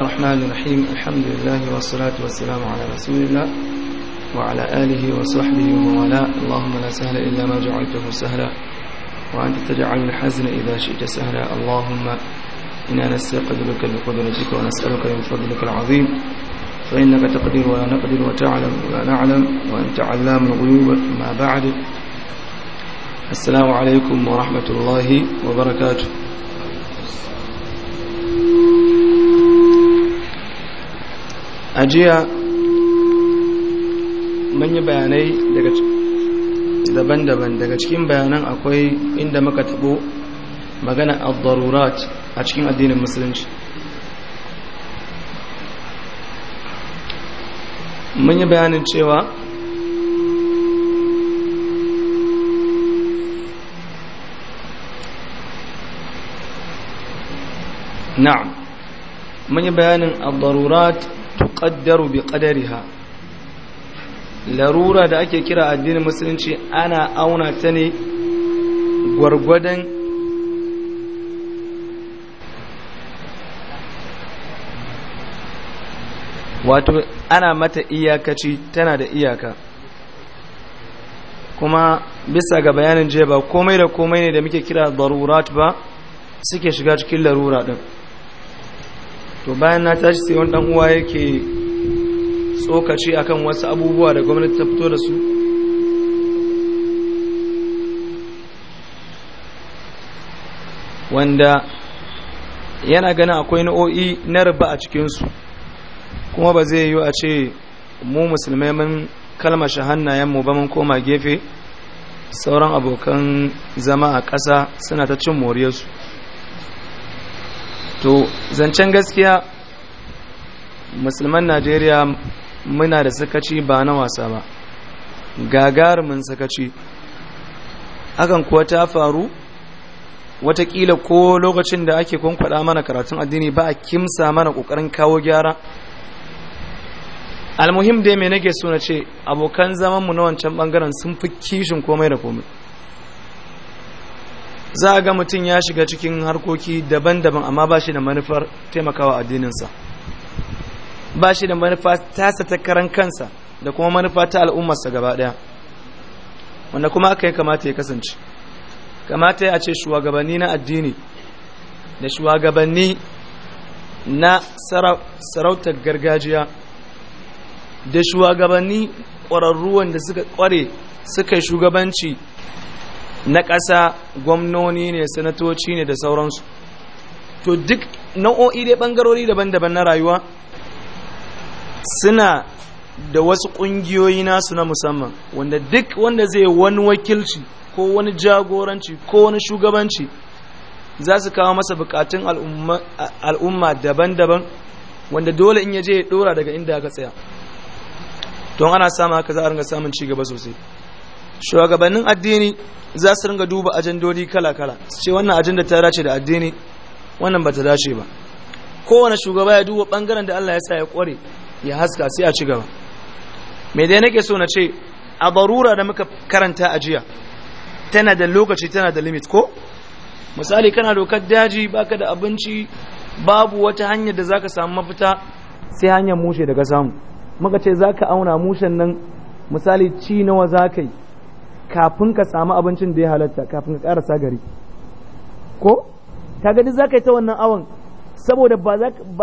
الرحمن الرحيم الحمد لله والصلاة والسلام على رسول الله وعلى آله وصحبه ومولاه اللهم لا سهل إلا ما جعلته سهلا وأنت تجعل الحزن إذا شئت سهلا اللهم إنا نستقبلك بقدرتك ونسألك من فضلك العظيم فإنك تقدر ولا نقدر وتعلم ولا نعلم وأنت علام الغيوب ما بعد السلام عليكم ورحمة الله وبركاته Ajiya mun yi bayanai daban-daban daga cikin bayanan akwai inda muka tabo magana al-darurat a cikin addinin musulunci mun yi bayanin cewa na'am mun yi bayanin al-darurat tuqaddaru larura da ake kira addinin musulunci ana auna ta ne gwargwadon wato ana mata iyakaci tana da iyaka kuma bisa ga bayanin jiya ba komai da komai ne da muke kira darurat ba suke shiga cikin larura din to bayan na tashi sai wani dan uwa yake tsokaci akan wasu abubuwa da gwamnati ta fito da su wanda yana ganin akwai nau'o'i na riba a cikinsu kuma ba zai yiwu a ce mu musulmai mun kalmar shahannayenmu ba mun koma gefe sauran abokan zama a ƙasa suna ta cin moriyarsu to zancen gaskiya musulman najeriya muna da sakaci ba na wasa ba gagarumin sakaci hakan kuwa ta faru watakila ko lokacin da ake kwankwada mana karatun addini ba a kimsa mana kokarin kawo gyara almuhim dai mai nake suna ce abokan zamanmu na wancan bangaren sun fi kishin komai da komai za a ga mutum ya shiga cikin harkoki daban-daban amma ba shi da manufar taimakawa addininsa ba shi da manufa tasa ta karan kansa da kuma manufa ta al'ummarsa gaba ɗaya wanda kuma aka yi kamata ya kasance kamata ya ce shugabanni na addini da shugabanni na sarautar gargajiya da shugabanni ƙwararruwan da suka ƙware suka yi shugabanci na ƙasa gwamnoni ne sanatoci ne da sauransu to duk nau'o'i dai bangarori daban-daban na rayuwa suna da wasu ƙungiyoyi nasu na musamman wanda duk wanda zai wani wakilci ko wani jagoranci ko wani shugabanci za su kawo masa bukatun al'umma daban-daban wanda dole in yaje ya dora daga inda aka tsaya don ana samun haka za a ringa samun ci gaba sosai shugabannin addini za su ringa duba ajandodi kala-kala su ce wannan ajanda ta dace da addini wannan ba ta dace ba kowane shugaba ya duba bangaren da Allah ya sa ya kware ya haska sai a ci gaba me dai nake so na ce a barura da muka karanta a jiya tana da lokaci tana da limit ko misali kana dokar daji baka da abinci babu wata hanyar da zaka samu mafita sai hanyar mushe daga samu muka ce zaka auna mushen nan misali ci nawa zaka yi kafin ka samu abincin da ya halatta kafin ka karasa gari ko ka gani za ka yi ta wannan awon saboda ba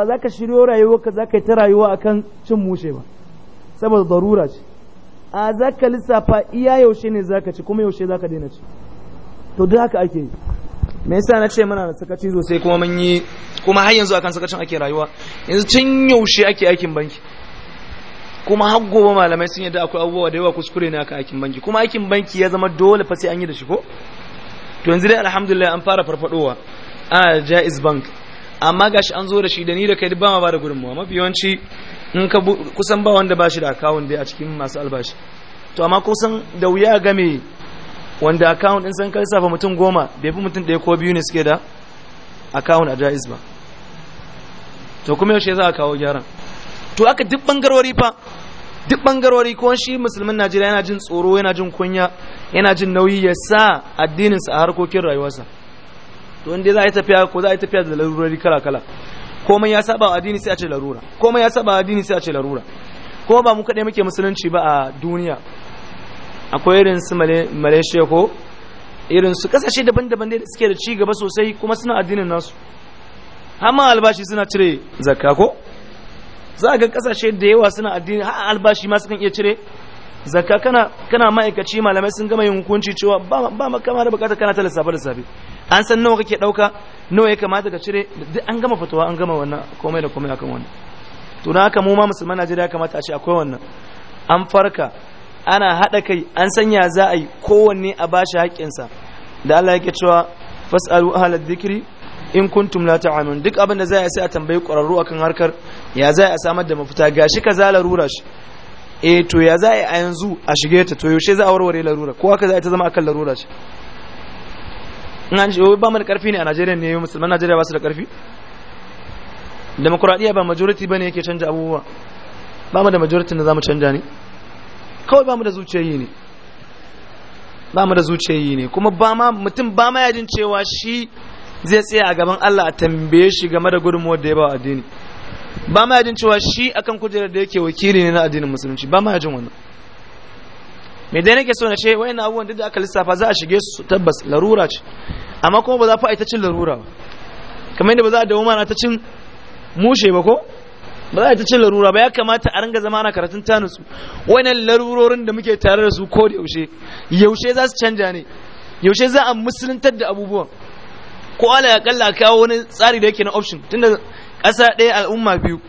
za ka shiryo rayuwa ka za ka yi ta rayuwa akan cin mushe ba saboda darura ce a za ka lissafa iya yaushe ne za ka ci kuma yaushe za ka daina ci to duk haka ake yi me yasa na ce muna da sakaci sosai kuma mun yi kuma har yanzu akan sakacin ake rayuwa yanzu cin yaushe ake aikin banki kuma har gobe malamai sun yadda akwai abubuwa da yawa kuskure ne aka aikin banki kuma aikin banki ya zama dole fa sai an yi da shi ko to yanzu dai alhamdulillah an fara farfadowa a jaiz bank amma gashi an zo da shi da ni da kai ba ma ba da gudunmuwa mafi yawanci in ka kusan ba wanda ba shi da akawun dai a cikin masu albashi to amma kusan da wuya game wanda akawun din san kai safa mutum goma bai fi mutum ɗaya ko biyu ne suke da akawun a jaiz ba to kuma yaushe za a kawo gyaran to haka duk bangarori fa duk bangarori ko shi musulmin Najeriya yana jin tsoro yana jin kunya yana jin nauyi ya sa addininsa a harkokin rayuwarsa to inda za a yi tafiya ko za a yi tafiya da larurori kala kala komai ya saba addini sai a ce larura komai ya saba addini sai a ce larura ko ba mu kaɗai muke musulunci ba a duniya akwai irin su malaysia ko irin su kasashe daban-daban da suke da ci gaba sosai kuma suna addinin nasu amma albashi suna cire zakka ko za ga kasashe da yawa suna addini har albashi ma sukan iya cire zakka kana kana ma'aikaci malamai sun gama yin hukunci cewa ba ba makama da bukata kana ta lissafa lissafi an san nawa kake dauka nawa ya kamata ka cire duk an gama fatawa an gama wannan komai da komai akan wannan to na haka mu ma musulman Najeriya kamata a ce akwai wannan an farka ana hada kai an sanya za a yi kowanne a bashi haƙƙinsa da Allah yake cewa fas'alu ahlal dhikri in kuntum la ta'lamun duk abin da za a sai a tambayi ƙwararru akan harkar ya za a samar da mafita gashi kaza larura shi eh to ya za a yanzu a shige ta to yaushe za a warware larura ko haka za a ta zama akan larura ce in an ba mu da karfi ne a Najeriya ne musulman Najeriya ba su da karfi demokradiya ba majority bane yake canja abubuwa ba mu da majority da zamu canja ne kawai ba mu da zuciyayi ne ba mu da zuciyayi ne kuma ba ma mutum ba ma yajin cewa shi zai tsaya a gaban Allah a tambaye shi game da gudunmuwar da ya ba addini ba ma yajin cewa shi akan kujerar da yake wakili ne na addinin musulunci ba ma yajin wannan me dai nake so na ce wayannan abubuwan duk da aka lissafa za a shige su tabbas larura ce amma kuma ba za fa a ita cin larura ba kamar yadda ba za a dawo mana ta cin mushe ba ko ba za a ta cin larura ba ya kamata a ringa zama ana karatun tanusu wayannan larurorin da muke tare da su ko da yaushe yaushe za su canja ne yaushe za a musuluntar da abubuwan ko ala ya kalla kawo wani tsari da yake na option tunda ƙasa ɗaya al'umma biyu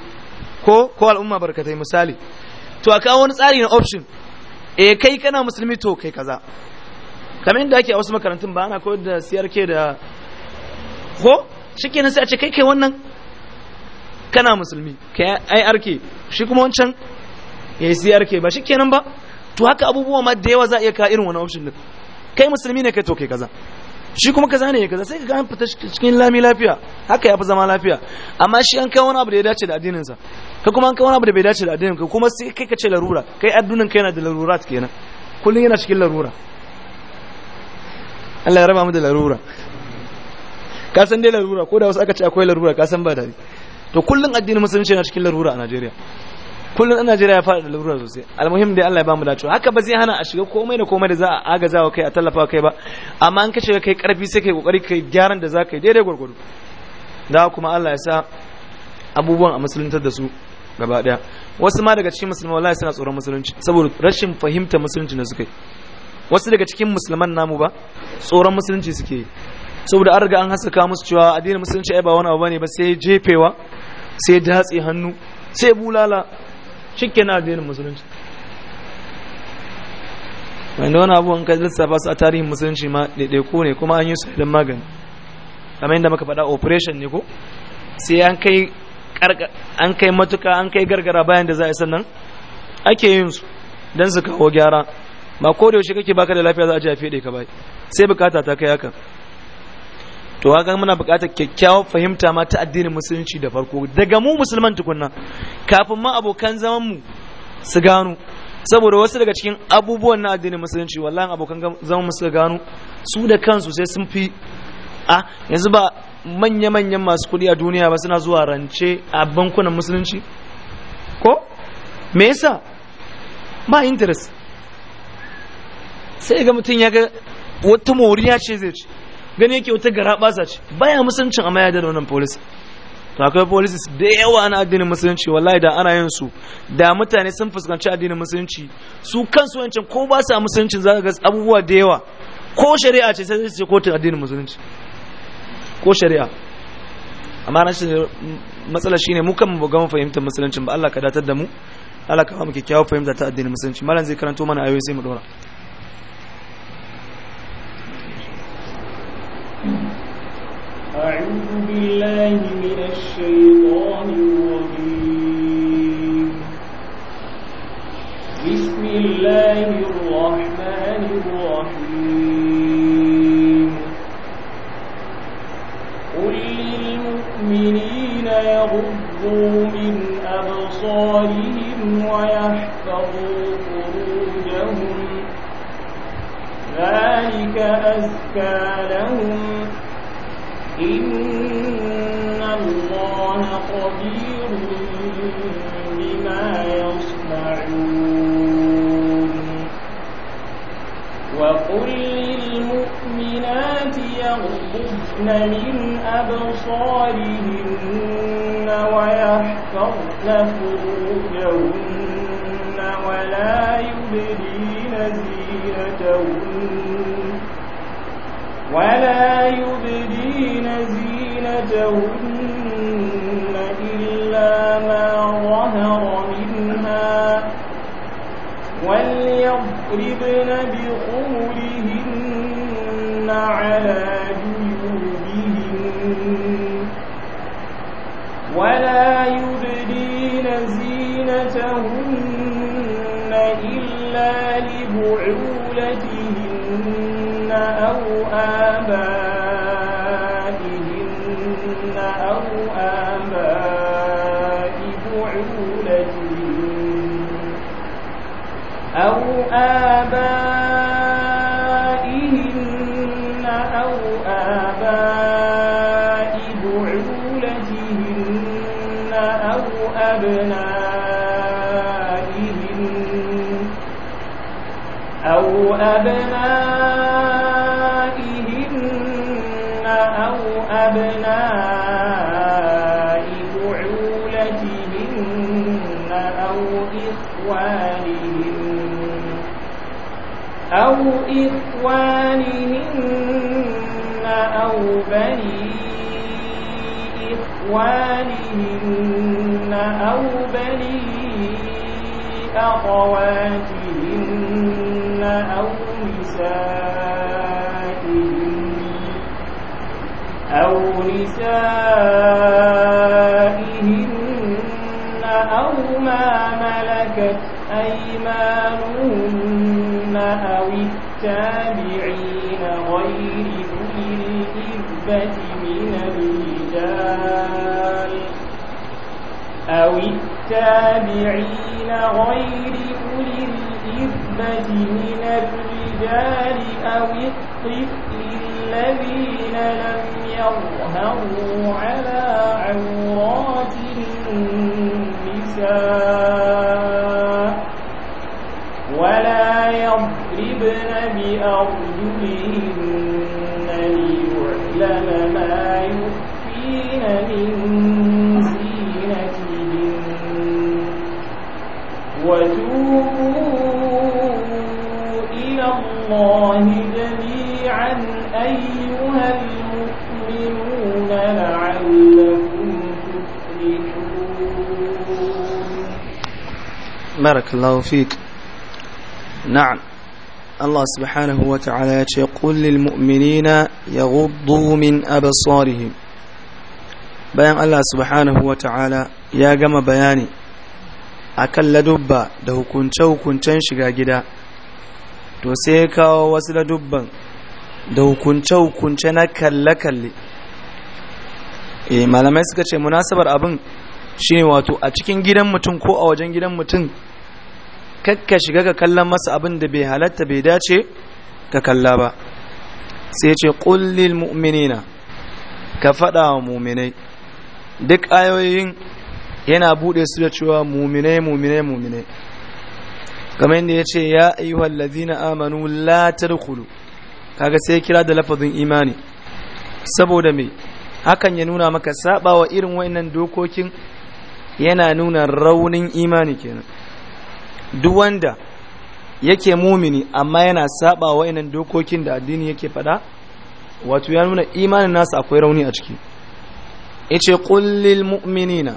ko ko al'umma barkatai misali to a kawo wani tsari na option e kai kana musulmi to kai kaza kamar yadda ake a wasu makarantun ba ana koyar da ke da ko shikenan sai a ce kai kai wannan kana musulmi kai arke shi kuma wancan ya siyar ke ba shikenan ba to haka abubuwa ma da yawa za a iya ka irin wani option din kai musulmi ne kai to kai kaza shi kuma kaza ne kaza sai ka ga an fita cikin lami lafiya haka ya fi zama lafiya amma shi an kai wani abu da ya dace da addininsa ka kuma an kai wani abu da bai dace da addinin ka kuma sai kai ka ce larura kai addinin ka yana da larurat kenan kullum yana cikin larura Allah ya raba mu da larura ka san dai larura ko da wasu aka ce akwai larura ka san ba dadi to kullum addinin musulunci yana cikin larura a Najeriya kullum ana jira ya fara da lura sosai almuhim dai Allah ya bamu dacewa haka ba zai hana a shiga komai da komai da za a agazawa kai a tallafa kai ba amma an ka shiga kai karfi sai kai kokari kai gyaran da za ka yi daidai gwargwado da kuma Allah ya sa abubuwan a musuluntar da su gaba daya wasu ma daga cikin musulmai wallahi suna tsoron musulunci saboda rashin fahimta musulunci da suka yi wasu daga cikin musulman namu ba tsoron musulunci suke yi saboda an riga an hasaka musu cewa addinin musulunci ai ba wani abu bane ba sai jefewa sai datse hannu sai bulala shikke na addinin musulunci wanda wani abubuwan in ka lissafa su a tarihin musulunci ma ɗaiɗaiku ne kuma an yi su idan magani kamar yadda muka faɗa operation ne ko sai an kai an kai matuka an kai gargara bayan da za a yi sannan ake yin su don su kawo gyara ba ko da yaushe kake baka da lafiya za a ji a fede ka bai sai bukata ta kai haka to haka muna buƙatar kyakkyawar fahimta ma ta addinin musulunci da farko daga mu musulman tukunna kafin ma abokan zaman mu su gano saboda wasu daga cikin abubuwan na addinin musulunci wallahi abokan zaman mu su gano su da kansu sai sun fi a yanzu ba manya-manyan masu kuɗi a duniya ba suna zuwa rance a bankunan musulunci ko me yasa ba interest sai ga mutum ya ga wata moriya ce zai ci gani yake wata gara basa ce baya musuncin amma mayar da wannan polis to akwai polis da yawa na addinin musulunci wallahi da ana yin su da mutane sun fuskanci addinin musulunci su kansu wancan ko ba a musulunci za ka ga abubuwa da yawa ko shari'a ce sai su ce kotun addinin musulunci ko shari'a amma rashin matsala shine mu kan mu ga fahimtar musuluncin ba Allah ka datar da mu Allah ka ba mu kyakkyawar fahimta ta addinin musulunci malam zai karanto mana ayoyi sai mu dora أعوذ بالله من الشيطان الرجيم بسم الله الرحمن الرحيم قل للمؤمنين يغضوا من أبصارهم ويحفظوا فروجهم ذلك أزكى لهم إن الله خبير بما يصنعون وقل للمؤمنات يغضبن من أبصارهن ويحفظن فروجهن ولا يبدين زينتهن ولا يبدين é أو بني أخواتهن أو نسائهن أو نسائهن أو ما ملكت أيمانهن أو التابعين غير أولي الإربة أو التابعين غير أولي الإذمة من الرجال أو الطفل الذين لم يظهروا على عورات النساء ولا يضربن بأرجلهن بارك الله فيك نعم الله سبحانه وتعالى يقول للمؤمنين يغضوا من أبصارهم بيان الله سبحانه وتعالى يا جم بياني akan ladubba da hukunce-hukuncen shiga gida to sai ya kawo wasu ladubban da hukunce-hukunce na kalle-kalle eh, malamai suka ce munasabar abin shine wato a cikin gidan mutum ko a wajen gidan mutum kakka shiga ka kallon masa abin da bai halatta bai dace ka kalla ba sai ce kullil mu'minina ka faɗa wa muminai duk ayoyin yana buɗe su da cewa muminai muminai muminai kamar yadda ya ce ya ayyuhal na amanu latar kaga sai kira da lafazin imani saboda mai hakan ya nuna maka saba wa irin waannan dokokin yana nuna raunin imani kenan duk wanda yake mumini amma yana saba wa'annan dokokin da addini yake fada wato ya nuna imanin nasa akwai rauni a ciki yace kullil mu'minina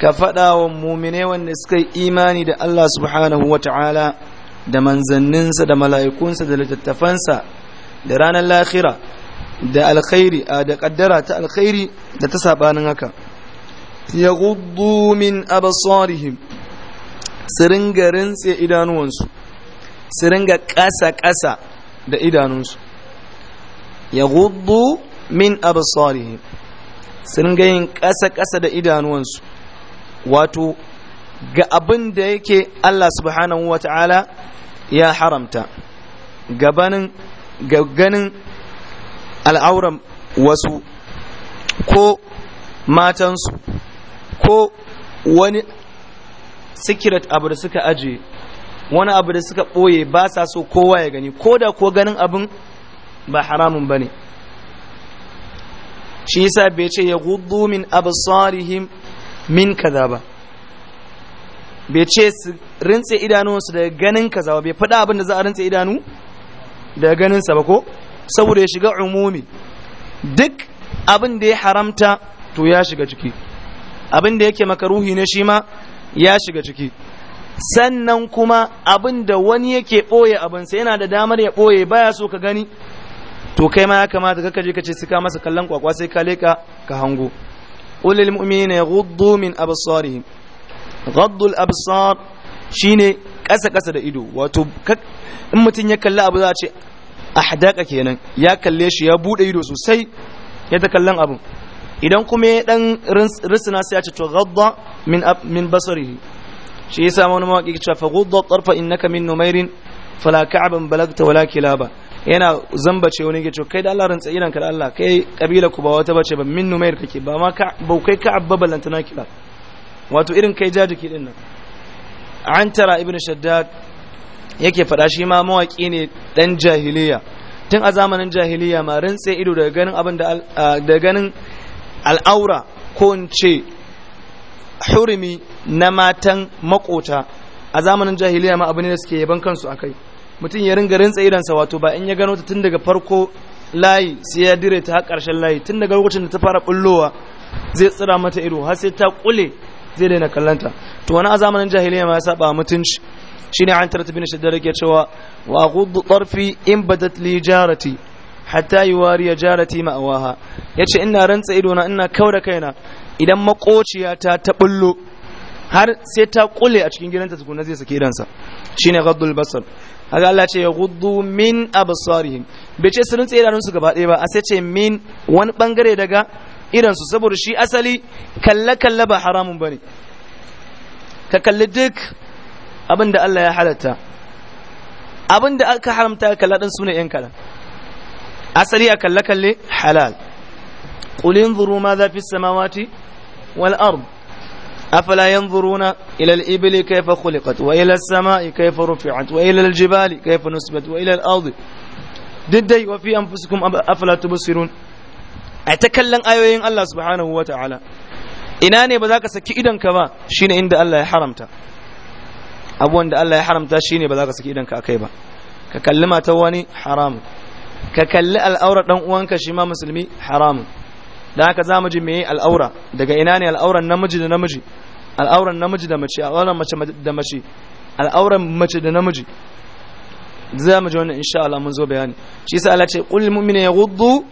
ka fada wa mumine wanda suka yi imani da Allah subhanahu wata'ala da manzanninsa da mala'ikunsa da littattafansa da ranar lahira da alkhairi da kaddara ta alkhairi da ta sabanin haka yaghuddu min absarihim su ringa rintse idanuwansu su ringa ƙasa-ƙasa da idanunsu ya gudu min abu su ringa yin ƙasa-ƙasa da idanuwansu wato ga abin da yake Allah subhanahu wa ta'ala ya haramta gabanin ganin al'auran wasu ko matansu ko wani secret abu da suka aje wani abu da suka ɓoye ba sa so kowa ya gani ko da ko ganin abin ba haramun ba ne shi yasa bai ce ya gudu min absarihim min kaza ba bai ce su rintse idanunsu daga ganin kaza ba bai faɗa abin da za a rintse idanu daga ganinsa ba ko saboda ya shiga umumi duk abin da ya haramta to ya shiga ciki abin da yake makaruhi ne shi ma ya shiga ciki sannan kuma abin da wani yake ɓoye abinsa yana da damar ya ɓoye baya so ka gani to kai ma ya kamata ka je ka ce suka masa kallon kwakwa sai ka leka ka hango qul lil mu'minina yaghuddu min absarihim ghaddul shi ne kasa kasa da ido wato in mutum ya kalli abu za a ce ahdaka kenan ya kalle shi ya bude ido sosai ya ta kallon abin idan kuma ya dan risina sai ya ce to gadda min min basarihi shi yasa wani mawaki ya ce fa gadda tarfa innaka min numairin fala ka'ban balagta wala kilaba yana zambace wani ya ce kai da Allah rantsa idan ka da Allah kai kabila ku ba wata bace ba min numair kake ba ma ka ba kai ka'ab ba ballanta na kila wato irin kai jajiki din nan an tara ibnu shaddad yake fada shi ma mawaki ne dan jahiliya tun a zamanin jahiliya ma rantsa ido daga ganin abin da ganin al'aura ko in ce hurumi na matan makota a zamanin jahiliya ma abu ne da suke yaban kansu akai mutum ya ringa rintsa idansa wato ba in ya gano ta tun daga farko layi sai ya dire ta karshen layi tun daga lokacin da ta fara bullowa zai tsira mata ido har sai ta kule zai daina kallanta to wani a zamanin jahiliya ma ya saba mutunci shine an tarata bin shaddar yake cewa wa ghuddu tarfi in badat li jarati hatta yuwari ya jarati ma'awaha yace ina rantsa idona ina da kaina idan makociyata ta bullo har sai ta kule a cikin gidanta tukuna zai saki idansa shine ghaddul basar haka Allah ce ya gudu min absarihim bai ce su rintse idanunsu gaba ɗaya ba a sai ce min wani bangare daga idansu saboda shi asali kalle kalle ba haramun ne, ka kalli duk abin da Allah ya halatta abin da aka haramta kalla din sune yan kalan asali a kalle kalle halal ƙulin zuru ma za fi samawati wal ard afala yanzuruna ila al ibli kayfa khuliqat wa ila sama sama'i kayfa rufi'at wa ila al jibali kayfa nusibat wa ila al ardi diddai wa fi anfusikum afala tubsirun ai ta kallon ayoyin Allah subhanahu wa ta'ala ina ne ba za ka saki idan ka ba shine inda Allah ya haramta abuwan da Allah ya haramta shine ba za ka saki idonka akai ba ka kalli matar wani haram ka kalli al'aura ɗan uwanka shi ma musulmi haramun dan haka mu ji meye al'aura daga ina ne al'auran namiji da namiji al'auran namiji da mace al'auran mace da mace al'auran mace da namiji Za mu ji wannan insha Allah mun zo bayani shi yasa Allah ce qul mu'mina yaghuddu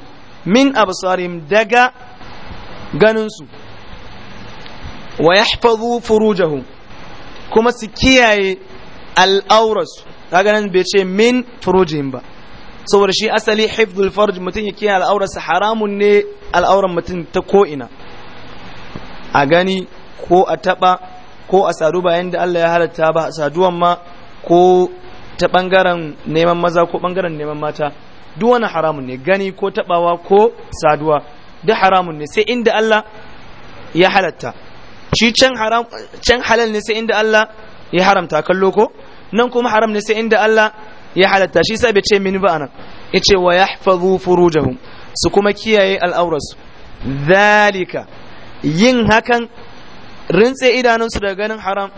min absarihim daga ganin su wa yahfazu furujahum kuma su kiyaye al'aurarsu kaga nan bai ce min furujihim ba saboda shi asali hifdul farj mutum ya kiyaye al'aurarsa haramun ne al'auran mutum ta ko'ina a gani ko a taɓa ko a sadu bayan da Allah ya halatta ba saduwan ma ko ta ɓangaren neman maza ko ɓangaren neman mata duk wani haramun ne gani ko taɓawa ko saduwa duk haramun ne sai inda Allah ya halatta shi can halal ne sai inda Allah ya haramta kallo ko nan kuma haram ne sai inda Allah ya halatta shi sai bai ce min ba anan yace wa yahfazu furujahum su kuma kiyaye al'aurarsu zalika yin hakan rintse idanunsu daga ganin haram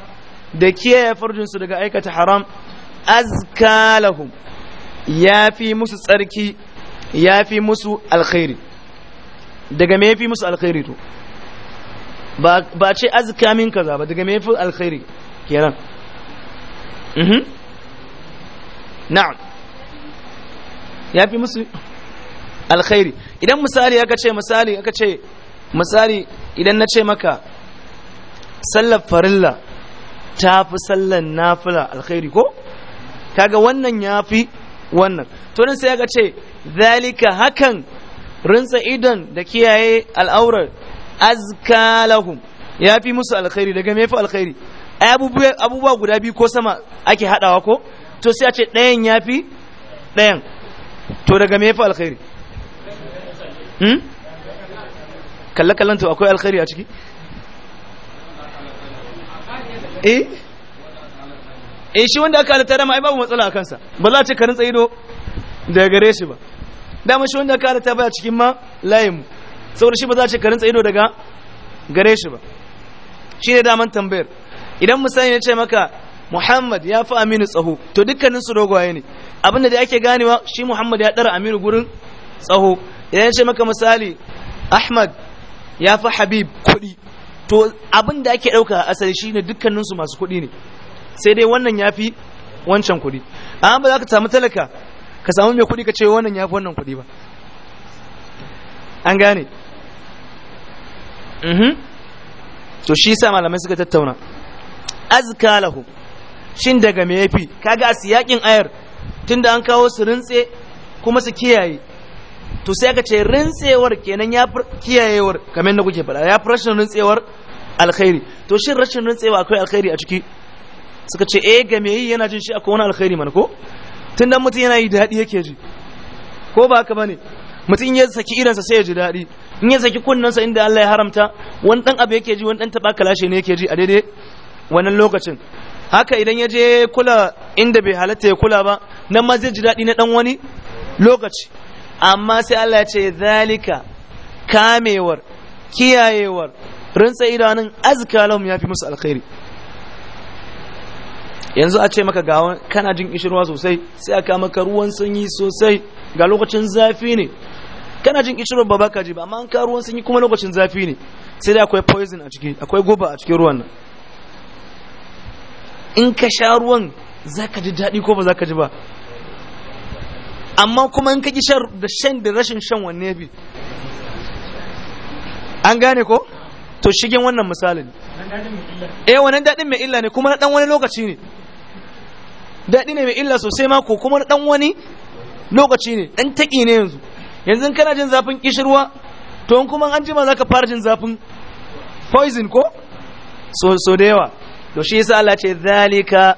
da kiyaye farjinsu daga aikata haram azka lahum ya fi musu tsarki ya fi musu alkhairi daga me fi musu alkhairi to ba ce azka min kaza ba daga me fi alkhairi kenan mhm. na'am ya fi musu alkhairi idan misali aka ce misali aka ce misali idan na ce maka sallar farilla ta fi sallar nafila alkhairi ko kaga wannan ya fi wannan to sai aka ce zalika hakan rinsa Idan da kiyaye al'aurar azka lahum ya fi musu alkhairi daga me fa alkhairi abubuwa guda biyu ko sama ake hadawa ko to sai a ce ɗayan ya fi ɗayan to daga me ya fi alkhairi hmm? kalle-kallen to akwai alkhairi a ciki eh eh shi wanda aka halittar dama ai babu matsala a kansa ba za a ce karin tsaido daga gare shi ba dama shi wanda aka halittar baya cikin ma layinmu saboda shi ba za a ce karin tsaido daga gare shi ba shi ne daman tambayar idan misali ya ce maka Muhammad ya fi Aminu tsaho to dukkanin su dogaye ne abinda da ake ganewa shi Muhammad ya dara Aminu gurin tsaho idan ce maka misali Ahmad ya fi Habib kuɗi to abin da ake ɗauka asali shi ne dukkanin su masu kuɗi ne sai dai wannan ya fi wancan kuɗi amma ba za ka samu talaka ka samu mai kuɗi ka ce wannan ya fi wannan kuɗi ba an gane mhm. to shi sa malamai suka tattauna azka lahu shin daga me yafi kaga siyakin ayar tunda an kawo su rintse kuma su kiyaye to sai aka ce rintsewar kenan ya fi kiyayewar kamar na kuke faɗa ya fi rashin rintsewar alkhairi to shin rashin rintsewa akwai alkhairi a ciki suka ce eh ga me yi yana jin shi akwai wani alkhairi mana ko tunda mutum yana yi daɗi yake ji ko ba haka bane mutum ya saki sa sai ya ji daɗi in ya saki kunnensa inda Allah ya haramta wani dan abu yake ji wani dan taba kalashe ne yake ji a daidai wannan lokacin haka idan ya je kula inda bai halatta ya kula ba nan ma zai ji daɗi na ɗan wani lokaci amma sai Allah ya ce zalika kamewar kiyayewar rintsa idanun azka lahum ya fi musu alkhairi yanzu a ce maka gawa kana jin kishirwa sosai sai aka maka ruwan sanyi sosai ga lokacin zafi ne kana jin kishirwa ba baka ji ba amma an ka ruwan sanyi kuma lokacin zafi ne sai da akwai poison a ciki akwai guba a cikin ruwan nan in ka sha ruwan za ka ji daɗi ko ba za ka ji ba amma kuma in ka ƙi shan da shan da rashin shan wanne bi an gane ko to shigen wannan misalin eh wannan daɗin mai illa ne kuma na ɗan wani lokaci ne daɗi ne mai illa sosai ma ko kuma na ɗan wani lokaci ne ɗan taƙi ne yanzu yanzu kana jin zafin kishirwa to in kuma an jima za ka fara jin zafin poison ko so da yawa to shi yasa Allah ce zalika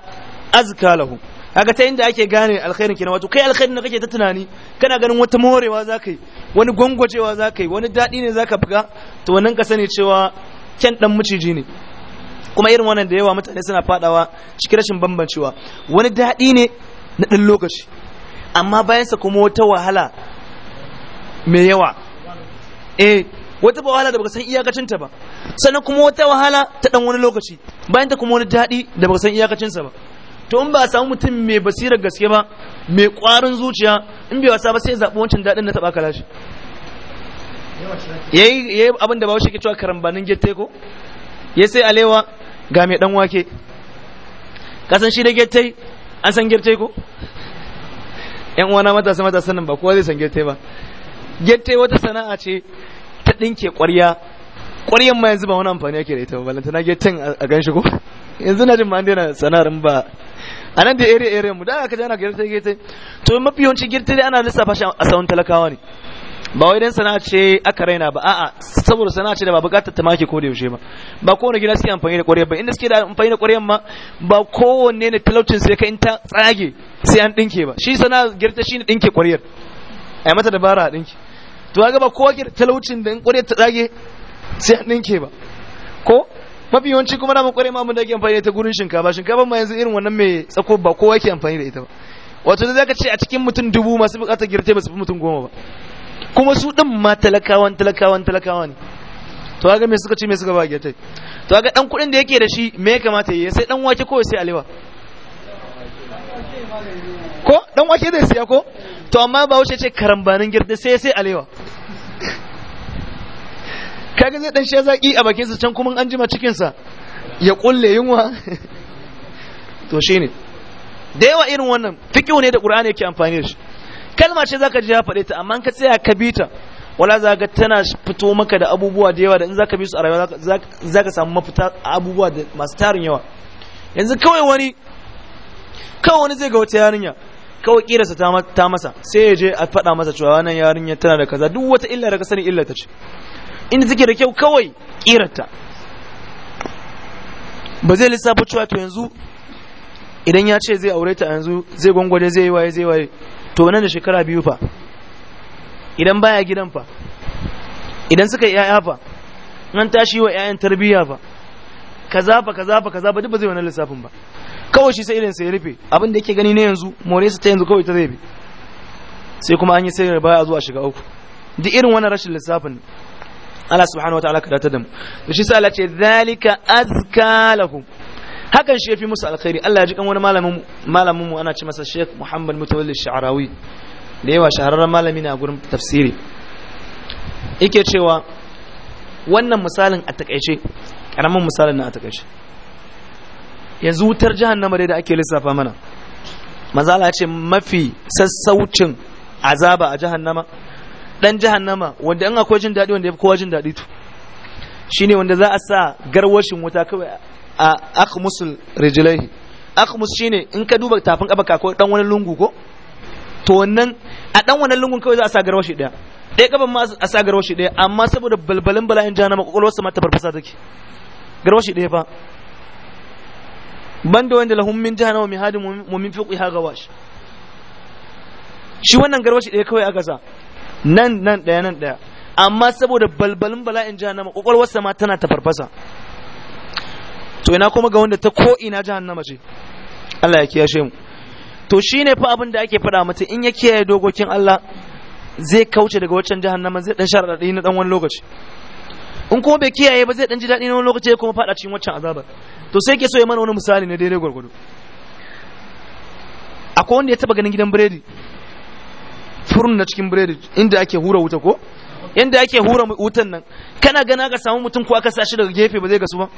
azka lahu kaga ta inda ake gane alkhairin kenan wato kai alkhairin da kake ta tunani kana ganin wata morewa zakai wani gwangwacewa zakai wani dadi ne zaka buga to wannan ka sani cewa kyan dan miciji ne kuma irin wannan da yawa mutane suna fadawa cikin rashin bambancewa wani dadi ne na dan lokaci amma bayan sa kuma wata wahala mai yawa eh wata ba wahala da baka san iyakacinta ba sannan kuma wata wahala ta dan wani lokaci bayan ta kuma wani daɗi da baka san iyakacinsa ba to in ba a samu mutum mai basirar gaske ba mai ƙwarin zuciya in bai wasa ba sai ya zaɓi wancan daɗin na taɓa kalashi yayi yayi abin da ba shi ke cewa karambanin gette ko ya sai alewa ga mai dan wake san shi da gette an san gette ko yan uwana matasa matasa nan ba kowa zai san gette ba gette wata sana'a ce ɗinke ƙwarya ƙwaryan ma yanzu ba wani amfani yake da ita ba balanta na getin a gan shi ko yanzu na jin ma an daina sana'arin ba a nan da area area mu da aka jana ana girta girta to mafi yawanci girta ana lissafa shi a sawun talakawa ne ba wai dan sana'a ce aka raina ba a'a saboda sana'a ce da ba bukatar ta make ko da yaushe ba ba kowane gida suke amfani da ƙwarya ba inda suke da amfani da ƙwarya ma ba kowanne ne talaucin sai ka in ta tsage sai an dinke ba shi sana'a girta ne dinke ƙwaryar yi mata dabara a ɗinke. to ga ba kowa ke talaucin da in kware ta dage sai an ninke ba ko mafi yawanci kuma na kware ma mun da ke amfani da ta gurin shinkafa shinkafa ma yanzu irin wannan mai tsako ba kowa ke amfani da ita ba wato da zaka ce a cikin mutum dubu masu bukata girte ba su fi mutum goma ba kuma su ɗin ma talakawan talakawan talakawa ne to ga me suka ce me suka ba girte to ga dan kuɗin da yake da shi me ya kamata ya sai dan wake ko sai alewa ko dan wake zai siya ko to amma ba wuce ce karambanin girda sai sai alewa kaga zai dan shi zaki a bakin sa can kuma an jima cikin sa ya kulle yunwa to shine da yawa irin wannan fiqhu ne da qur'ani yake amfani da shi kalma ce zaka ji ya fade ta amma ka tsaya ka bita wala za tana fito maka da abubuwa da yawa da in za bi su a rayuwa za ka samu mafita abubuwa da masu tarin yawa yanzu kawai wani kawai wani zai ga wata yarinya kawai kirasa ta masa sai ya je a faɗa masa cewa wannan yarinya tana da kaza duk wata illa da ka sani illa ta ce inda take da kyau kawai kirarta ba zai lissafa cewa to yanzu idan ya ce zai aure ta yanzu zai gongwaje zai yi waye zai waye to nan da shekara biyu fa idan baya gidan fa idan suka yi yaya fa nan tashi wa yayan tarbiyya fa kaza fa kaza fa kaza ba duk ba zai wani lissafin ba kawai shi sai irin sai rufe abin da yake gani ne yanzu more su ta yanzu kawai ta zai bi sai kuma an yi sai da baya zuwa shiga uku duk irin wani rashin lissafin Allah subhanahu wataala ka datar da mu da shi sai Allah ce zalika azka lahum hakan shi yafi musu alkhairi Allah ya ji kan wani malamin malamin mu ana ce masa Sheikh Muhammad Mutawalli Sha'rawi da yawa shahararren malami ne a gurin tafsiri yake cewa wannan misalin a takaice karamin misalin na a takaice yanzu wutar jahannama dai da ake lissafa mana mazala ce mafi sassaucin azaba a jahannama dan jahannama wanda in akwai jin daɗi wanda ya fi kowa jin daɗi to shine wanda za a sa garwashin wuta kawai a akhmusul rijlaihi akhmus shine in ka duba tafin kabaka ko dan wani lungu ko to wannan a dan wani lungun kawai za a sa garwashi daya ɗaya kaban ma a sa garwashi daya amma saboda balbalin bala'in jahannama kokolwarsa ma ta farfasa take garwashi daya fa banda wanda lahum min jahannama mihadun wa min fiqiha gawash shi wannan garwashi ɗaya kawai aka sa nan nan ɗaya nan ɗaya amma saboda balbalin bala'in jahannama ƙwaƙwalwar ma tana ta farfasa to ina kuma ga wanda ta ko ina jahannama ce Allah ya kiyashe mu to shine fa abin da ake faɗa mata in ya kiyaye dokokin Allah zai kauce daga waccan jahannama zai dan sharaɗi na dan wani lokaci in kuma bai kiyaye ba zai dan ji daɗi na wani lokaci kuma faɗa cikin waccan azabar to sai ke so ya mana wani misali na daidai gwargwado akwai wanda ya taba ganin gidan biredi furun na cikin biredi inda ake hura wuta ko inda ake hura wutan nan kana gana ka samu mutum ko aka sashi daga gefe ba zai gasu ba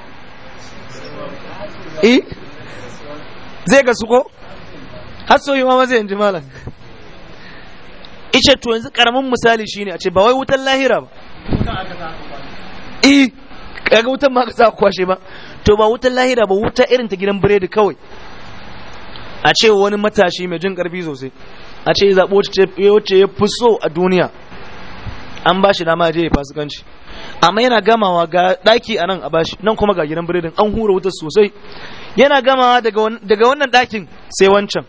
eh zai gasu ko har yi ma zai yanji malam ice to yanzu karamin misali shine a ce ba wai wutan lahira ba eh kaga wutan ma ka sa kwashe ba to ba wutar lahira ba wuta irin ta gidan biredi kawai a ce wani matashi mai jin karfi sosai a ce zaɓo wacce ya fi so a duniya an ba shi dama je ya fasikanci amma yana gamawa ga ɗaki a nan a bashi nan kuma ga gidan biredin an hura wutar sosai yana gamawa daga wannan ɗakin sai wancan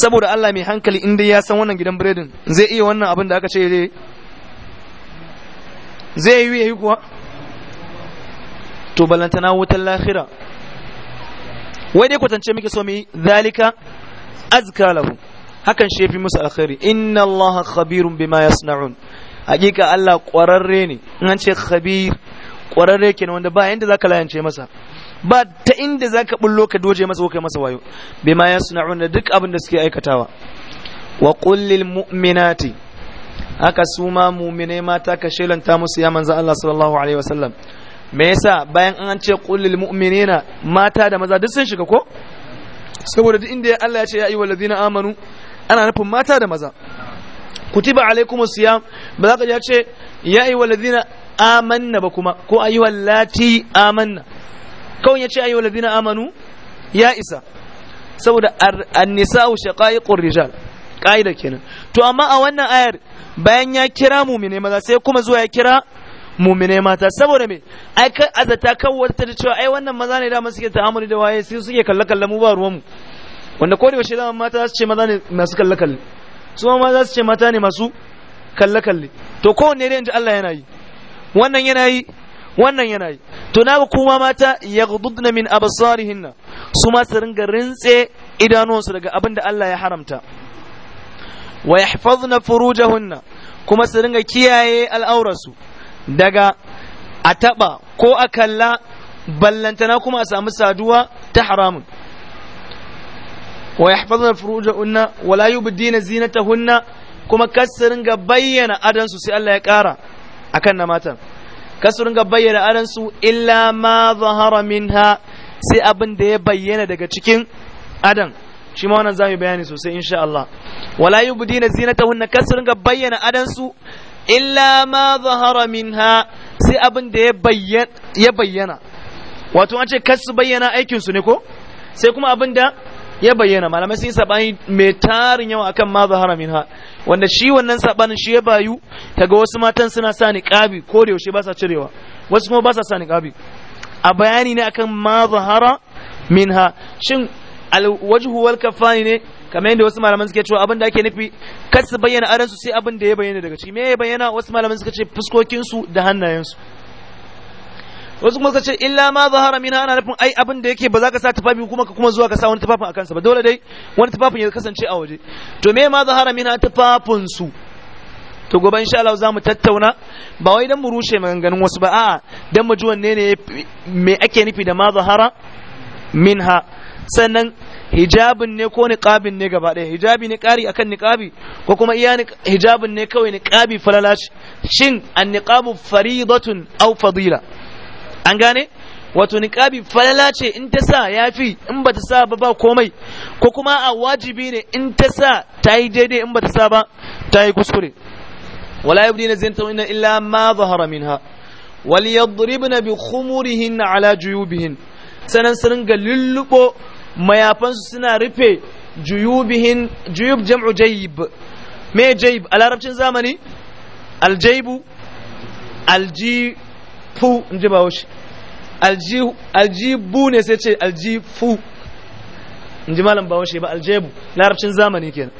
saboda Allah mai hankali inda ya san wannan gidan biredin zai iya wannan abin da aka ce zai yi yi kuwa to wutan wutar lahira wai dai kwatance muke so mu yi zalika azka lahu hakan shi fi musu alkhairi inna Allah khabirun bima yasna'un hakika Allah ƙwararre ne in an ce khabir kwararre kenan wanda ba yanda zaka layance masa ba ta inda zaka bullo ka doje masa ko kai masa wayo bima yasna'un da duk abin da suke aikatawa wa qul lil mu'minati haka suma muminai mata ka shelanta musu ya manzo Allah sallallahu alaihi wasallam me yasa bayan an ce qulil mu'minina mata da maza duk sun shiga ko saboda duk inda Allah ya ce ya ayyuhal ladina amanu ana nufin mata da maza kutiba alaikumus siyam ba za ka ya ce ya ayyuhal ladina amanna ba kuma ko ayyuhal lati amanna kawai ya ce ayyuhal ladina amanu ya isa saboda an-nisa'u shaqaiqur rijal kaida kenan to amma a wannan ayar bayan ya kira mu'mine maza sai kuma zuwa ya kira mumine mata saboda me ai ka azata kan wata ta cewa ai wannan maza ne da suke ta'amuli da waye sai suke kalle kalle mu ba ruwan mu wanda ko da da mata su ce maza ne masu kalle kalle su ma za su ce mata ne masu kalle kalle to kowanne dai inji Allah yana yi wannan yana yi wannan yana yi to na kuma mata yaghdudna min absarihinna su ma su ringa rintse idanuwansu daga abin da Allah ya haramta wa yahfazna furujahunna kuma su ringa kiyaye al'aurarsu daga a taɓa ko a kalla ballantana kuma a samu saduwa ta haramun wa yahfazna furujahunna wa la zinata hunna kuma kasu ga bayyana adansu sai Allah ya ƙara kan na matan kasu ga bayyana adansu illa ma zahara minha sai abin da ya bayyana daga cikin adan shi ma wannan zamu bayani sosai insha Allah wala zinata hunna kasu ga bayyana adansu illa ma zahara minha sai abin da ya bayyana wato an ce kar su bayyana aikin su ne ko sai kuma abin da ya bayyana malamai sun yi sabani mai tarin yawa akan ma zahara minha wanda shi wannan sabanin shi ya bayu kaga wasu matan suna sa niqabi ko da yaushe ba sa cirewa wasu kuma ba sa sa niqabi a bayani ne akan ma zahara minha shin alwajhu wal kafani ne kamar yadda wasu malaman suke cewa abin da ake nufi kar su bayyana aransu sai abin da ya bayyana daga ciki me ya bayyana wasu malaman suka ce fuskokinsu da hannayensu wasu kuma suka ce illa ma zahara min ana nufin ai abin da yake ba za ka sa tufafi kuma ka kuma zuwa ka sa wani tufafin a kansa ba dole dai wani tufafin ya kasance a waje to me ma zahara min tufafin su to gobe insha Allah za mu tattauna ba wai dan mu rushe maganganun wasu ba a'a dan mu ji wanne ne me ake nufi da ma zahara minha sannan hijabin ne ko niqabin ne gaba ɗaya hijabi ne ƙari akan niqabi ko kuma iya hijabin ne kawai niqabi falala shin an niqabu faridatun aw fadila an gane wato niqabi falala ce in ta sa yafi in ba ta sa ba ba komai ko kuma a wajibi ne in ta sa ta yi daidai in ba ta sa ba ta yi kuskure wala yabdina zinatahunna illa ma zahara minha wal yadribna bi khumurihinna ala juyubihin sanan su ringa lullubo mayafansu suna rufe juyubihin juyub jam'u jayib me jayib a larabcin zamani aljaibu aljifu in ji ba washi aljibu ne sai ce aljifu in ji malam ba washi ba aljaibu larabcin zamani kenan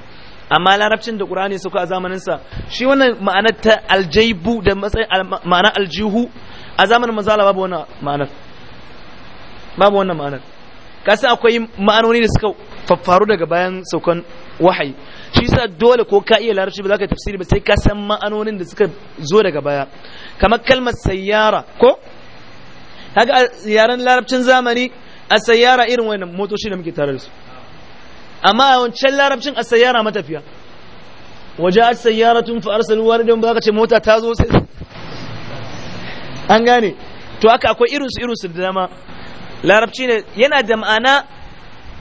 amma larabcin da ƙur'ani suka a zamaninsa shi wannan ma'anar ta aljaibu da matsayin ma'ana aljihu a zamanin mazala babu wannan ma'anar babu wannan ma'anar kasan akwai ma'anoni da suka faffaru daga bayan saukan wahayi shi yasa dole ko ka iya larabci ba za ka tafsiri ba sai ka san ma'anonin da suka zo daga baya kamar kalmar sayyara ko kaga yaren larabcin zamani a sayyara irin wannan motoci da muke tare da su amma a wancan larabcin a sayyara matafiya waje a tun fa arsalu walidan ba ka ce mota ta zo sai an gane to haka akwai irin su irin su da dama larabci ne yana da ma'ana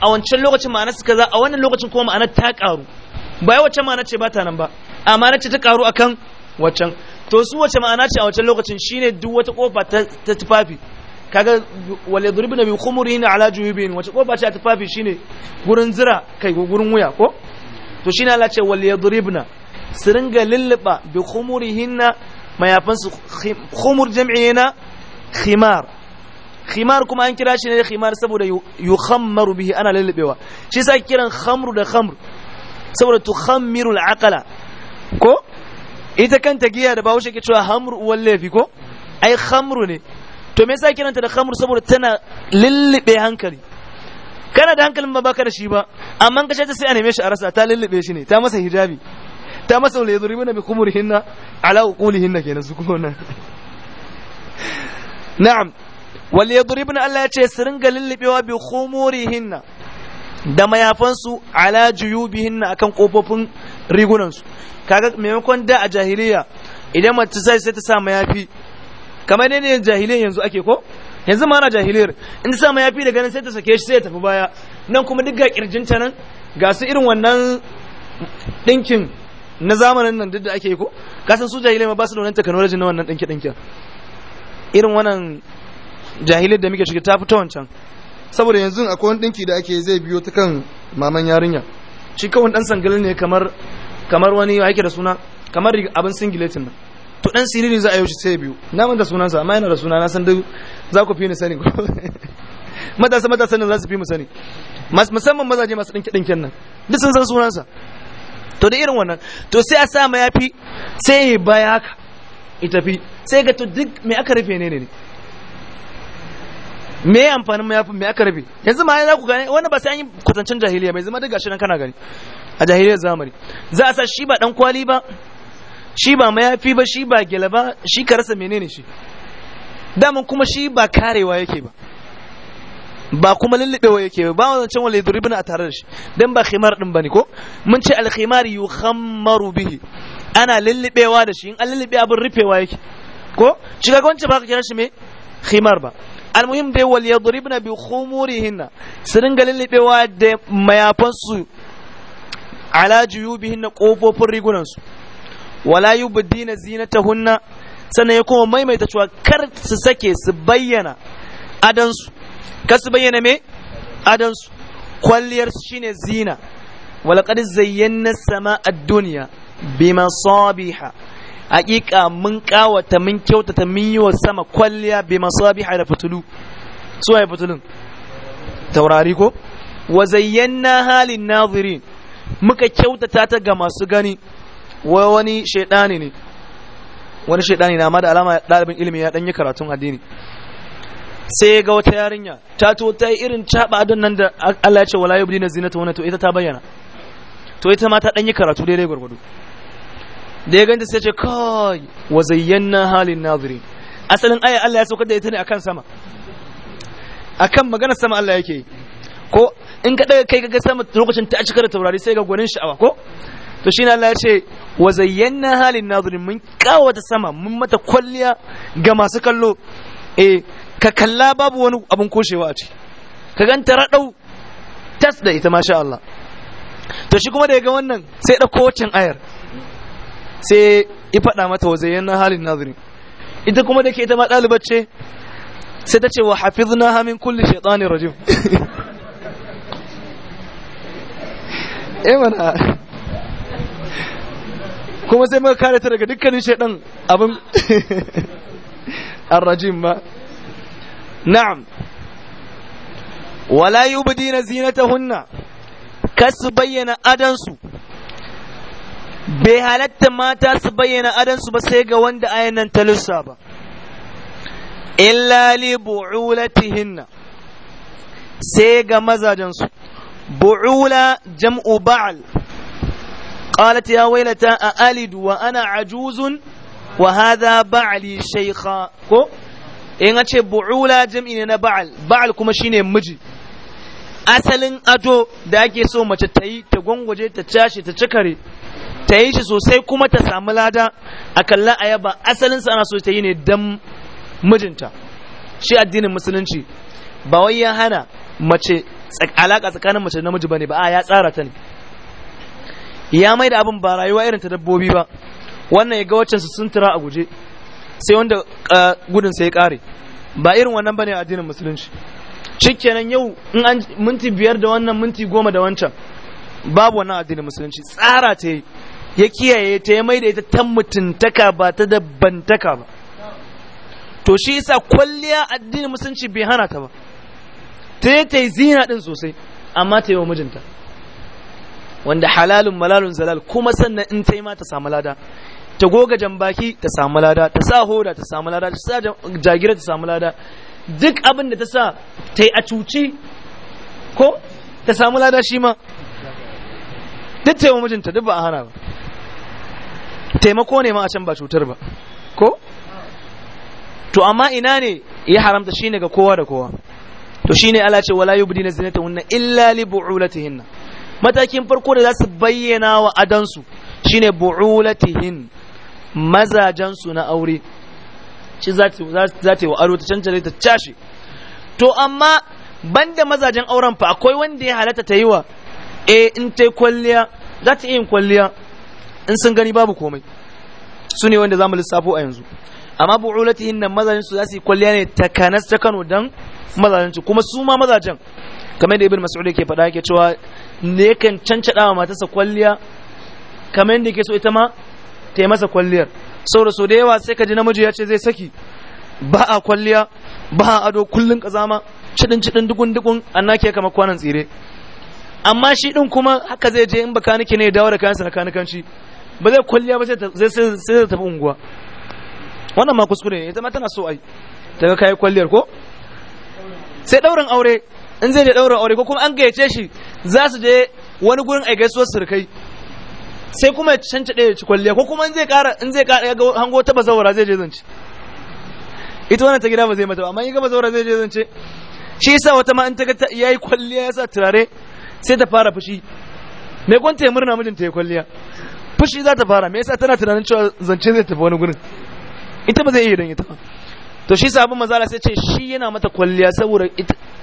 a wancan lokacin ma'ana suka za a wannan lokacin kuma ma'ana ta karu ba yi wacce ma'ana ce ba ta nan ba A ma'ana ce ta karu akan waccan to su wacce ma'ana ce a wancan lokacin shine duk wata kofa ta tufafi kaga wale durbina bi khumurin ala juyubin wacce kofa ce a tufafi shine gurin zira kai ko gurin wuya ko to shine ala ce wale durbina su ringa lulluba bi khumurihinna mayafansu kumur jam'i na khimar khimar kuma an kira shi ne khimar saboda yukhammaru bihi ana lalubewa shi sa kiran khamru da khamr saboda tukhammiru al ko ita kanta giya da bawo shi ke cewa hamru uwan laifi ko ai khamru ne to me yasa kiranta da khamru saboda tana lullube hankali kana da hankalin ba baka da shi ba amma kace ta sai a neme shi a rasa ta lullube shi ne ta masa hijabi ta masa wala yadribuna bi khumurihinna ala uqulihinna kenan su kuma na'am wal yadribna Allah ya ce su ringa lullubewa bi khumurihinna da mayafansu ala juyubihinna akan kofofin rigunansu kaga maimakon da a jahiliya idan mace sai sai ta sa mayafi kamar ne ne jahiliyar yanzu ake ko yanzu ma ana jahiliyar in ta sa mayafi daga nan sai ta sake shi sai ta tafi baya nan kuma duk ga kirjinta nan ga su irin wannan dinkin na zamanin nan duk da ake ko kasan su jahilai ma ba su da wannan technology na wannan dinki dinkin irin wannan jahiliyar da muke shiga ta fito wancan saboda yanzu akwai wani dinki da ake zai biyo ta kan maman yarinya shi kawai dan sangal ne kamar kamar wani yake da suna kamar abin singiletin nan to dan siriri za a yi shi sai biyu na sunan sunansa amma yana da suna na san duk za ku fi ni sani matasa matasa ne za su fi mu sani musamman mazaje masu dinki dinkin nan duk sun san sunansa to da irin wannan to sai a sa ma yafi sai ya baya haka ita fi sai ga to duk me aka rufe ne ne me ya amfanin mayafin me aka rabe yanzu ma za ku gane wani ba sai an yi kwatancin jahiliya mai zama duk gashi nan kana gani a jahiliyar zamani za a sa shi ba dan kwali ba shi ba mayafi ba shi ba gila ba shi ka rasa menene shi daman kuma shi ba karewa yake ba ba kuma lullubewa yake ba ba can wale duribin a tare da shi Don ba khimar din ba ne ko mun ce alkhimar yukhammaru bihi ana lullubewa da shi in an lullube abin rufewa yake ko shi kaga wancan ba ka kira shi me khimar ba almuhim dai wal yadribna bi khumurihinna su ringa lullubewa da mayafansu ala juyubihinna kofofin rigunansu wala yubdina zinatahunna sannan ya kuma maimaita cewa kar su sake su bayyana adansu kar su bayyana me adansu kwalliyar shine zina walaqad zayyana duniya ad-dunya bimasabiha haƙiƙa mun ƙawata mun kyautata mun yi wa sama kwalliya bi abi da fitulu su waye fitulun taurari ko wa zayyana halin naziri muka kyautata ta ga masu gani wa wani shaidani ne wani shaidani na amma da alama ɗalibin ilimi ya ɗanyi karatun addini sai ga wata yarinya ta to ta yi irin caɓa don nan da Allah ya ce wala na zinata wani to ita ta bayyana to ita ma ta ɗanyi karatu daidai gwargwado da ya ganta sai ce kai wa zayyana halin nazari asalin aya Allah ya saukar da ita ne akan sama akan magana sama Allah yake yi ko in ka daga kai kaga sama lokacin ta cika da taurari sai ga gwanin sha'awa ko to shine Allah ya ce wa zayyana halin nazari mun kawo kawata sama mun mata kwalliya ga masu kallo eh ka kalla babu wani abun koshewa a ce. ka ganta radau tas da ita masha Allah to shi kuma da ya ga wannan sai da dauko ayar sai ya faɗa mata wazayyan na halin nazari ita kuma da ke ita ma ɗalibar ce sai ta ce wa hafiz na hamin kulli shaitani rajim eh mana kuma sai muka kare ta daga dukkanin shaitan abin arrajim ma na'am wala yubdina zinatahunna kasu bayyana adansu bai halatta mata su bayyana adansu ba sai ga wanda ayan nan ta ba illa li bu'ulatihinna sai ga mazajensu bu'ula jam'u ba'al a alid wa ana ajuzun wa وهذا ba'li shaykha ko in a ce bu'ula jam'i ne na ba'al ba'al kuma shine miji asalin ado da ake so mace ta yi ta gwangwaje ta cashe ta cikare ta yi shi sosai kuma ta samu lada a kalla a yaba asalin sa ana so ta yi ne dan mijinta shi addinin musulunci ba wai ya hana mace alaka tsakanin mace da namiji bane ba a ya tsara ta ne ya mai da abin ba rayuwa irin ta dabbobi ba wannan ya ga waccan su sun tura a guje sai wanda eh, gudun sai ya kare ba irin wannan bane addinin musulunci shikenan yau in an minti biyar da wannan minti goma da wancan babu wannan addinin musulunci tsara ta yi ya kiyaye ta ya mai da ita ta mutuntaka ba ta dabbantaka ba to shi isa kwalliya addinin musulunci bai hana ta ba ta yi ta yi zina din sosai amma ta yi wa mijinta wanda halalun malalun zalal kuma sannan in ta yi ma ta samu lada ta goga jambaki ta samu lada ta sa hoda ta samu lada ta sa jagira ta samu lada duk abin da ta sa ta yi a cuci ko ta samu lada shi ma duk ta yi wa mijinta duk ba a hana ba taimako ne ma a can ba cutar ba ko to amma ina ne ya haramta shine ga kowa da kowa to shine Allah ce wala zinata zinatahunna illa li bu'ulatihinna matakin farko da za su bayyana wa adansu shine bu'ulatihin mazajansu na aure shi za ta yi wa aro ta cancare ta cashe to amma banda mazajen auren fa akwai wanda ya halatta ta yi wa eh in ta kwalliya za ta yin kwalliya in sun gani babu komai su ne wanda za mu lissafo a yanzu amma buulati nan mazajen su za su yi kwalliya ne takanas ta Kano don mazajen kuma su ma mazajen kamar yadda ibn mas'ud yake faɗa yake cewa ne kan cancada wa matarsa kwalliya kamar yadda yake so ita ma ta yi masa kwalliyar saboda so da yawa sai ka ji namiji ya ce zai saki ba a kwalliya ba a ado kullun kazama cidin cidin dukun dukun annake kamar kwanan tsire amma shi din kuma haka zai je in baka nake ne ya dawo da kayansa na kanikanci ba zai kwalliya ba sai sai tafi unguwa wannan ma kuskure ne ita ma tana so ai daga kai kwalliyar ko sai daurin aure in zai je daurin aure ko kuma an gayyace shi za su je wani gurin ai gaisuwa surkai sai kuma ya canci ya ci kwalliya ko kuma in zai ƙara in zai kara ga hango ta bazawara zai je zance ita wannan ta gida ba zai mata ba amma in ga bazawara zai je zance shi yasa wata ma in ta ga yayi kwalliya yasa turare sai ta fara fushi me kun ya murna mijinta ya kwalliya fushi za ta fara me yasa tana tunanin cewa zance zai tafi wani gurin ita ba zai iya don ita ba to shi sabon mazala sai ce shi yana mata kwalliya saboda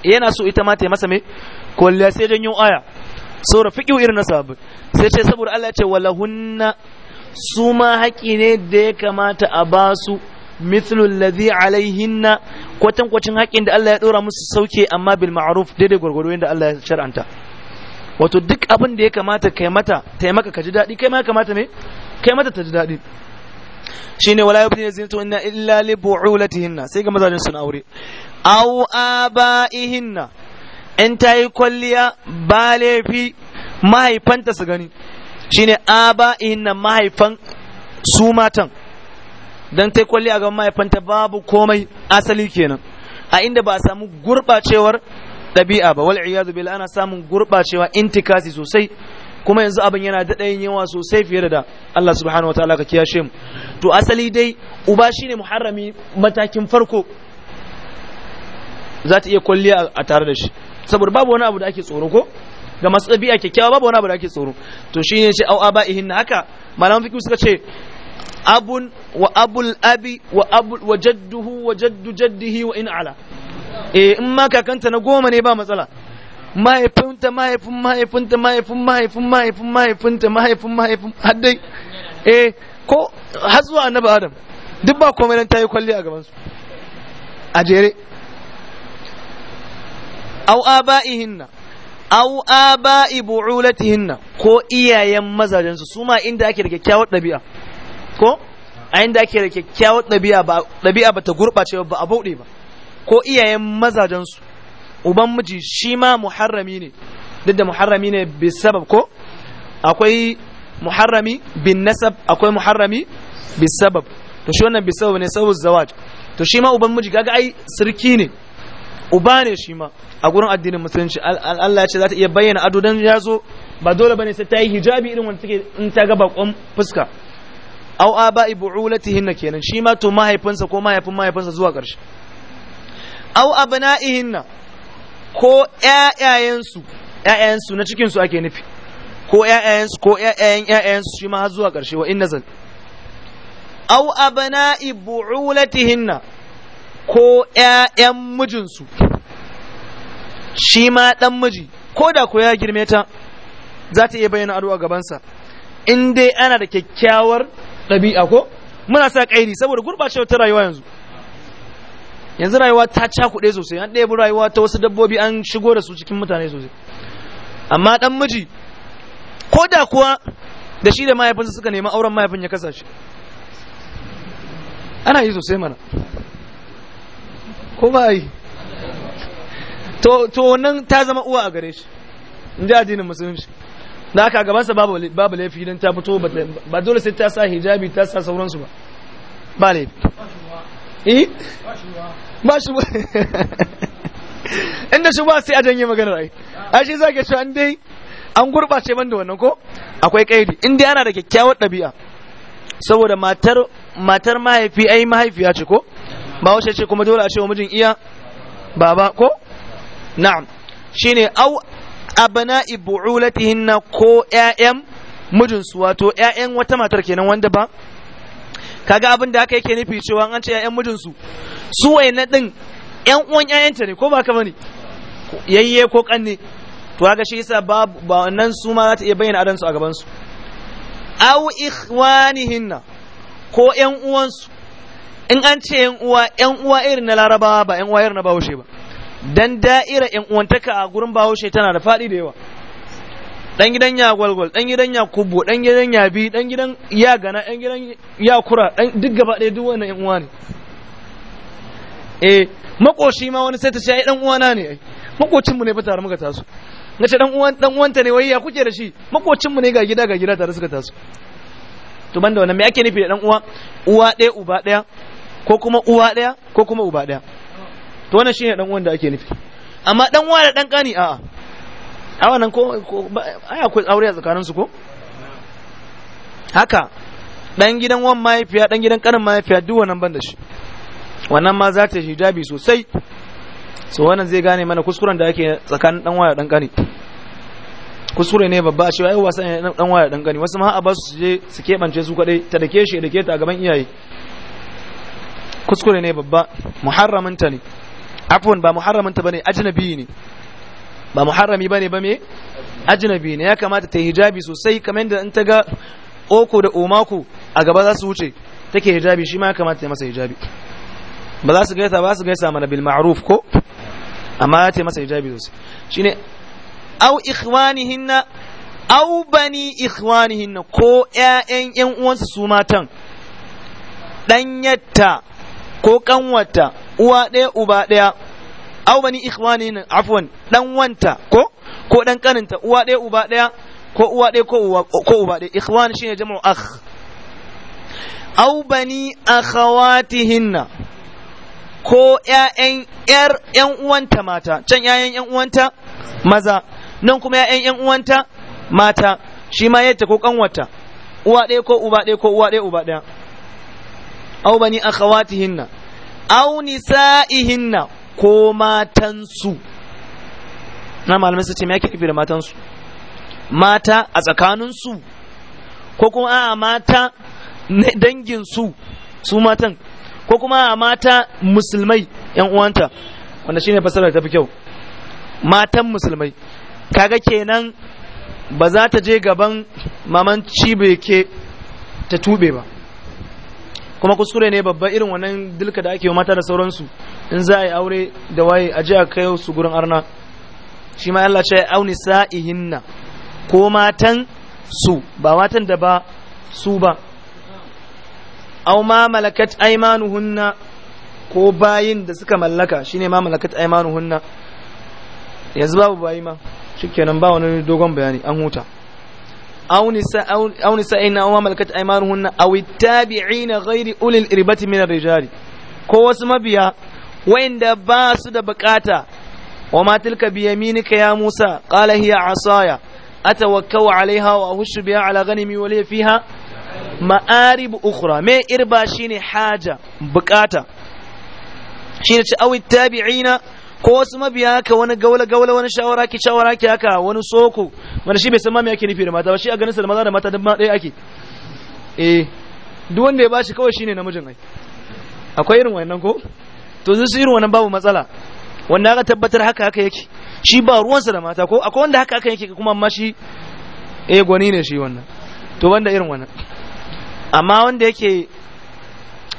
yana so ita ma ta yi masa me kwalliya sai janyo aya saboda fiƙiu irin na sabon sai ce saboda Allah ya ce walahunna su ma haƙi ne da ya kamata a ba su mithlul ladhi alaihinna kwatankwacin haƙin da Allah ya ɗora musu sauke amma bil ma'ruf daidai gwargwado yadda Allah ya shar'anta wato duk abin da ya kamata kai mata ta maka ka ji daɗi kai ma kamata me kai mata ta ji daɗi shine wala yabdina zinatu inna illa li bu'ulatihinna sai ga mazajin sun aure aw abaihinna in ta yi kwalliya ba laifi mahaifanta su gani shine abaihinna mahaifan su matan dan ta yi kwalliya ga mahaifanta babu komai asali kenan a inda ba a samu gurbacewar ɗabi'a ba wal iyadu bil ana samun gurɓacewa intikasi sosai kuma yanzu abin yana daɗa yin yawa sosai fiye da da Allah subhanahu wataala ka kiyashe mu to asali dai uba shine muharrami matakin farko za ta iya kwalliya a tare da shi saboda babu wani abu da ake tsoro ko ga masu ɗabi'a kyakkyawa babu wani abu da ake tsoro to shine ce au aba'ihin haka malaman fiqh suka ce abun wa abul abi wa abul wa jadduhu wa jaddu jaddihi wa in ala eh in ma kakanta na goma ne ba matsala mahaifinta mahaifin mahaifinta mahaifin mahaifin mahaifin mahaifinta mahaifin mahaifin har dai eh ko har zuwa annabi adam duk ba komai nan yi kwalli a gaban su a jere au aba'ihinna bai aba'i bu'ulatihinna ko iyayen mazajensu su ma inda ake da kyakkyawar ɗabi'a ko a inda ake da kyakkyawar ɗabi'a ba ɗabi'a ba ta gurɓace ba a bauɗe ba ko iyayen mazajensu uban miji shi ma muharrami ne duk da muharrami ne bi sabab ko akwai muharrami bin nasab akwai muharrami bi sabab to shi wannan bi sabab ne sabu zawaj to shi ma uban miji gaga ai sirki ne uba ne shi ma a gurin addinin musulunci Allah ya ce za ta iya bayyana ado dan ya zo ba dole bane sai ta yi hijabi irin wanda take in ta ga bakon fuska aw aba'i bu'ulatihinna kenan shi ma to mahaifinsa ko mahaifin mahaifinsa zuwa ƙarshe aw abna'ihinna ko ƴaƴayensu ƴaƴayensu na cikin su ake nufi ko ƴaƴayensu ko ƴaƴayen ƴaƴayensu shi ma har zuwa ƙarshe wa in nazal aw abna'i bu'ulatihinna ko ƴaƴan mijinsu shi ma ɗan miji ko da ko ya girme ta za ta iya bayyana ado a gabansa in dai ana da kyakkyawar ɗabi'a ko muna sa kairi saboda gurbacewar ta rayuwa yanzu yanzu rayuwa ta cakuɗe sosai an ɗaya rayuwa ta wasu dabbobi an shigo da su cikin mutane sosai amma ɗan miji ko da kuwa da shi da mahaifinsa suka nemi auren mahaifin ya kasa shi ana yi sosai mana ko ba yi to wannan ta zama uwa a gare shi in ji addinin musulunci da aka gabansa babu laifi don ta fito ba dole sai ta sa hijabi ta sa sauransu ba ba laifi eh ba shi inda shi ba sai a janye maganar ai a shi za ka an dai an gurɓace ban da wannan ko akwai kairi inda yana ana da kyakkyawar ɗabi'a saboda matar matar mahaifi ai mahaifiya ce ko ba wace ce kuma dole a ce wa mijin iya baba ko na'am shine au abana bu'ulatihinna ko ƴaƴan mijinsu wato ƴaƴan wata matar kenan wanda ba kaga abin da haka yake nufi cewa an ce ƴaƴan mijinsu su na din yan uwan yayanta ne ko ba ka bane yayye ko kanne to kaga shi yasa ba wannan su ma za ta iya bayyana adansu a gaban su aw ikhwanihinna ko yan uwansu in an ce yan uwa yan uwa irin na larabawa ba yan uwa irin na bahaushe ba dan da'ira yan uwantaka a gurin bahaushe tana da faɗi da yawa dan gidan ya gwalgwal dan gidan ya kubo dan gidan ya bi dan gidan ya gana dan gidan ya kura dan duk gaba ɗaya duk wannan yan uwa ne eh makoshi ma wani sai ta ce ai dan uwana ne ai makocin mu ne fa tare muka taso na ce dan uwan dan uwanta ne wai ya kuke da shi makocin mu ne ga gida ga gida tare suka taso to banda wannan me ake nufi da dan uwa uwa ɗaya uba ɗaya ko kuma uwa ɗaya ko kuma uba ɗaya to wannan shine dan uwan da ake nufi amma dan uwa da dan kani a'a a wannan ko ai akwai aure a tsakanin su ko haka dan gidan wan mahaifiya dan gidan kanin mahaifiya duk wannan ban da shi wannan ma za ta hijabi sosai so wannan zai gane mana kuskuren da ake tsakanin dan waya dan kani kuskure ne babba a cewa ai wasan dan waya dan kani wasu ma a su je su kebance su kadai ta dake shi dake ta gaban iyaye kuskure ne babba muharramin ta ne afwan ba muharramin ta bane ajnabi ne ba muharrami bane ba me ajnabi ne ya kamata ta hijabi sosai kamar yadda in ta ga oko da omako a gaba za su wuce take hijabi shi ma ya kamata ta masa hijabi ba za su gaisa ba su gaisa mana bil ma'ruf ko amma ya ce masa hijabi sosai shine aw ikhwanihinna au bani ikhwanihinna ko ƴaƴan ƴan uwansu su matan danyatta ko kanwata uwa ɗaya uba ɗaya au bani ikhwanihinna afwan dan wanta ko ko dan kaninta uwa ɗaya uba ɗaya ko uwa ɗaya ko uwa ko uba ɗaya ikhwan shine jama'u akh aw bani akhawatihinna ko ‘ya'yan ‘yar ‘yan uwanta mata, can ‘ya'yan ‘yan uwanta maza, nan kuma ‘ya'yan ‘yan uwanta mata, shi ma yadda ko kanwata, uwa ɗaya ko uba ɗaya ko uwa ɗaya uba ɗaya. Au bani hinna, au hinna ko matansu. Na malamai su ce me yake nufi da matansu? Mata a tsakaninsu, ko kuma a mata danginsu, su matan ko kuma a mata musulmai yan uwanta wanda shine fasalar ta fi kyau matan musulmai kaga kenan ba za ta je gaban maman ke ta tube ba kuma kuskure ne babba irin wannan dilka da ake mata da sauransu in za a yi aure da waye a je a kai su gurin arna shi ma Allah ce auni sa'ihinna ko matan su ba matan da ba su ba aw ma malakat aymanuhunna ko bayin da suka mallaka shine ma malakat aymanuhunna yanzu babu bayi ma shikenan ba wani dogon bayani an huta aw nisa aw nisa ina aw ma malakat aymanuhunna aw ittabi'ina ghairi ulil irbati min ar-rijali ko wasu mabiya wayanda ba su da bukata wa ma tilka bi yaminika ya Musa qala hiya asaya atawakkau alaiha wa ahushu biha ala ghanimi wa li fiha ma'arib ukhra me irba shine haja bukata shine ce awi tabi'ina ko wasu mabiya ka wani gaula gaula wani shawara ki shawara ki haka wani soko wani shi bai san ma me yake nufi da mata ba shi a ganin sa da maza da mata duk ma ɗaya ake eh duk wanda ya bashi kawai shine namijin ai akwai irin wannan ko to zai su irin wannan babu matsala wanda aka tabbatar haka haka yake shi ba ruwansa da mata ko akwai wanda haka haka yake kuma amma shi eh gwani ne shi wannan to banda irin wannan amma wanda yake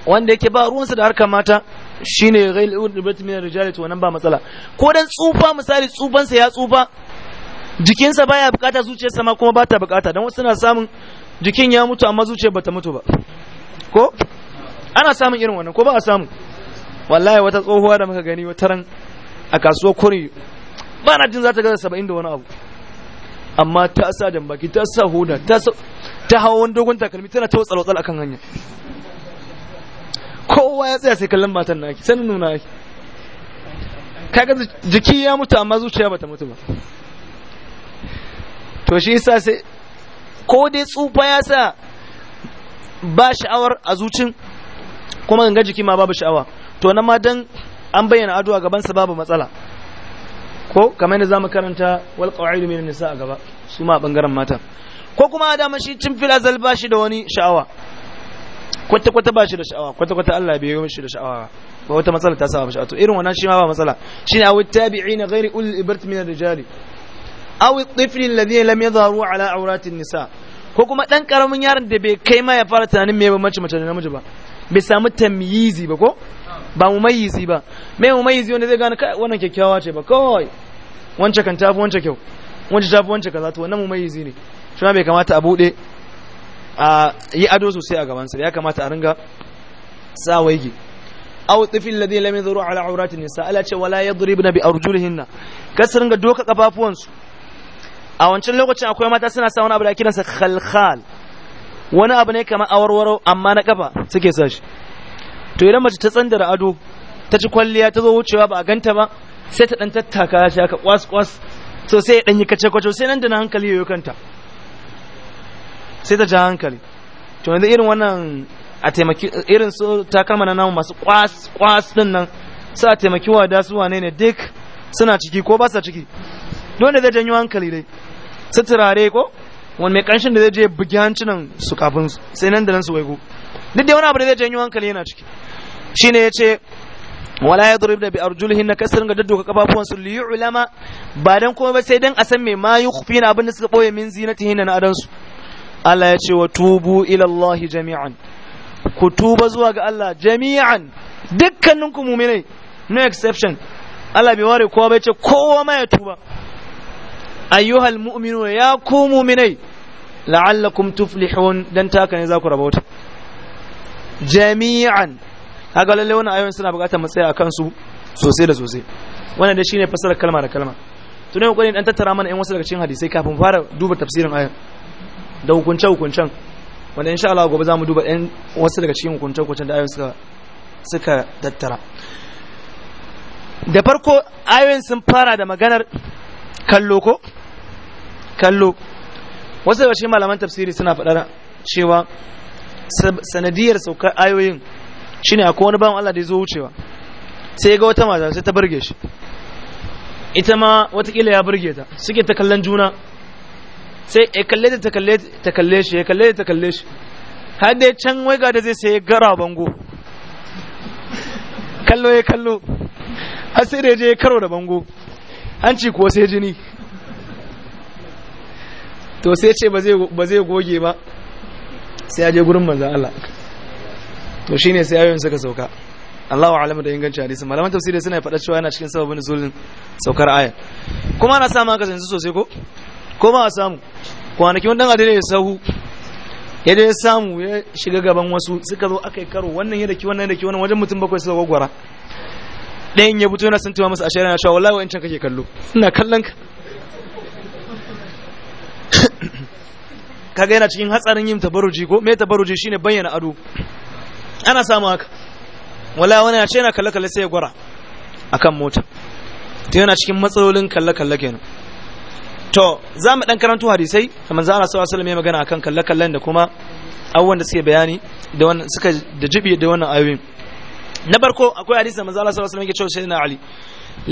wanda yake ba ruwansa da harkar mata shine ghayl ibn min ar-rijal to nan ba matsala ko dan tsufa misali tsufansa ya tsufa jikinsa baya bukata zuciyarsa ma kuma bata bukata dan wasu suna samun jikin ya mutu amma zuciyar bata mutu ba ko ana samun irin wannan ko ba a samu wallahi wata tsohuwa da muka gani wata ran a kasuwar kuri ba na jin za ta gaza saba'in da wani abu amma ta sa jambaki ta sa huda ta sa ta hawa wani dogon takalmi tana ta watsala watsala akan hanya kowa ya tsaya sai kallon matan naki sanin nuna naki kaga jiki ya mutu amma zuciya bata mutu ba to shi yasa sai ko dai tsufa ya sa ba sha'awar a zucin kuma ganga jiki ma babu sha'awa to na ma dan an bayyana ado gaban gabansa babu matsala ko kamar yadda zamu karanta wal qa'idu min nisa a gaba su ma bangaren mata ko kuma dama shi cin fila azal ba shi da wani sha'awa kwata kwata ba shi da sha'awa kwata kwata Allah bai yi shi da sha'awa ba wata matsala ta sa shi a to irin wannan shi ma ba matsala shine awi tabi'ina ghairi ul ibrat min ar-rijali awi at-tifl alladhi lam yadharu ala awratin nisa ko kuma dan karamin yaron da bai kai ma ya fara tunanin me ba mace mace da namiji ba bai samu tamyizi ba ko ba mumayyizi ba me mumayyizi wanda zai gane wannan kyakkyawa ce ba kawai wancan kan tafi wancan kyau wancan tafi wancan kaza to wannan mumayyizi ne shi ma bai kamata a bude a yi ado sosai a gabansa ya kamata a ringa sa waige aw tifil ladhi lam yadhuru ala awratin nisa ala ce wala yadribna bi arjulihinna kasar ringa doka su a wancan lokacin akwai mata suna sa wani abu da kiransa khalkhal wani abu ne kamar awarwaro amma na kafa suke sa shi to idan mace ta tsandara ado ta ci kwalliya ta zo wucewa ba a ganta ba sai ta dan tattaka shi aka kwas kwas so sai ya dan yi kace kwace sai nan da na hankali yayin kanta sai ta ja hankali to yanzu irin wannan a taimaki irin su takalma na namu masu kwas kwas din nan a taimaki wa da su wane ne duk suna ciki ko ba sa ciki dole zai janyo hankali dai su turare ko wani mai kanshin da zai je bugi hancinan su kafin su sai nan da nan su waigo duk da wani abu da zai janyo hankali yana ciki shine ya ce wala ya durib da bi arjulihin na kasar ga daddoka kafafuwansu liyu ulama ba dan kuma ba sai dan a san mai ma yi kufi na abin da suka ɓoye min zinatihin na adansu Allah ya ce wa tubu ilallahi jami'an ku tuba zuwa ga Allah jami'an dukkaninku muminai no exception Allah bai ware kowa bai ce kowa ma ya tuba ayyuhal mu'minu ya ku muminai la'allakum tuflihun dan taka ne za ku rabauta jami'an haka lalle wannan ayoyin suna buƙatar mu tsaya akan su sosai da sosai wannan da shine fasalar kalma da kalma tunai kokarin dan tattara mana ɗan wasu daga cikin hadisai kafin fara duba tafsirin ayoyin da hukunce hukuncen wanda sha Allah gobe zamu duba ɗan wasu daga cikin hukunce hukuncen da ayoyin suka tattara da farko ayoyin sun fara da maganar kallo ko kallo wasu daga cikin malaman tafsiri suna faɗar cewa sanadiyar saukar ayoyin shine akwai wani bawan Allah da ya zo wucewa sai ga wata mata sai ta burge shi ita ma watakila ya burge ta suke ta kallon juna sai ya kalle ta ta kalle shi ya kalle ta kalle shi har dai can wai ga da zai sai gara bango kallo ya kallo har sai da je karo da bango hanci kuwa sai jini to sai ce ba zai goge ba sai ya je gurin manzan Allah to shi ne sai ayoyin suka sauka Allah wa alamu da ingancin hadisi malaman tafsiri suna faɗa cewa yana cikin sababin nuzulin saukar ayat kuma na samu haka yanzu sosai ko ko ba a samu kwanaki wanda dan ya sahu ya dai samu ya shiga gaban wasu suka zo aka yi karo wannan yadda ki wannan yadda ki wannan wajen mutum bakwai suka gwagwara ɗayan ya fito yana santuwa tuma masa a shari'a na cewa wallahi wa'ancan kake kallo ina kallon ka kaga yana cikin hatsarin yin tabaruji ko me tabaruji shine bayyana ado ana samu haka wallahi wani ya ce yana kalle kalle sai ya gwara akan mota to yana cikin matsalolin kalle kalle kenan to za mu ɗan karanto hadisai kamar manzo Allah sallallahu alaihi wasallam ya magana akan kalle-kallen da kuma abubuwan da suke bayani da wannan suka da jibi da wannan ayoyin na farko akwai hadisi manzo Allah sallallahu alaihi wasallam yake cewa sayyidina Ali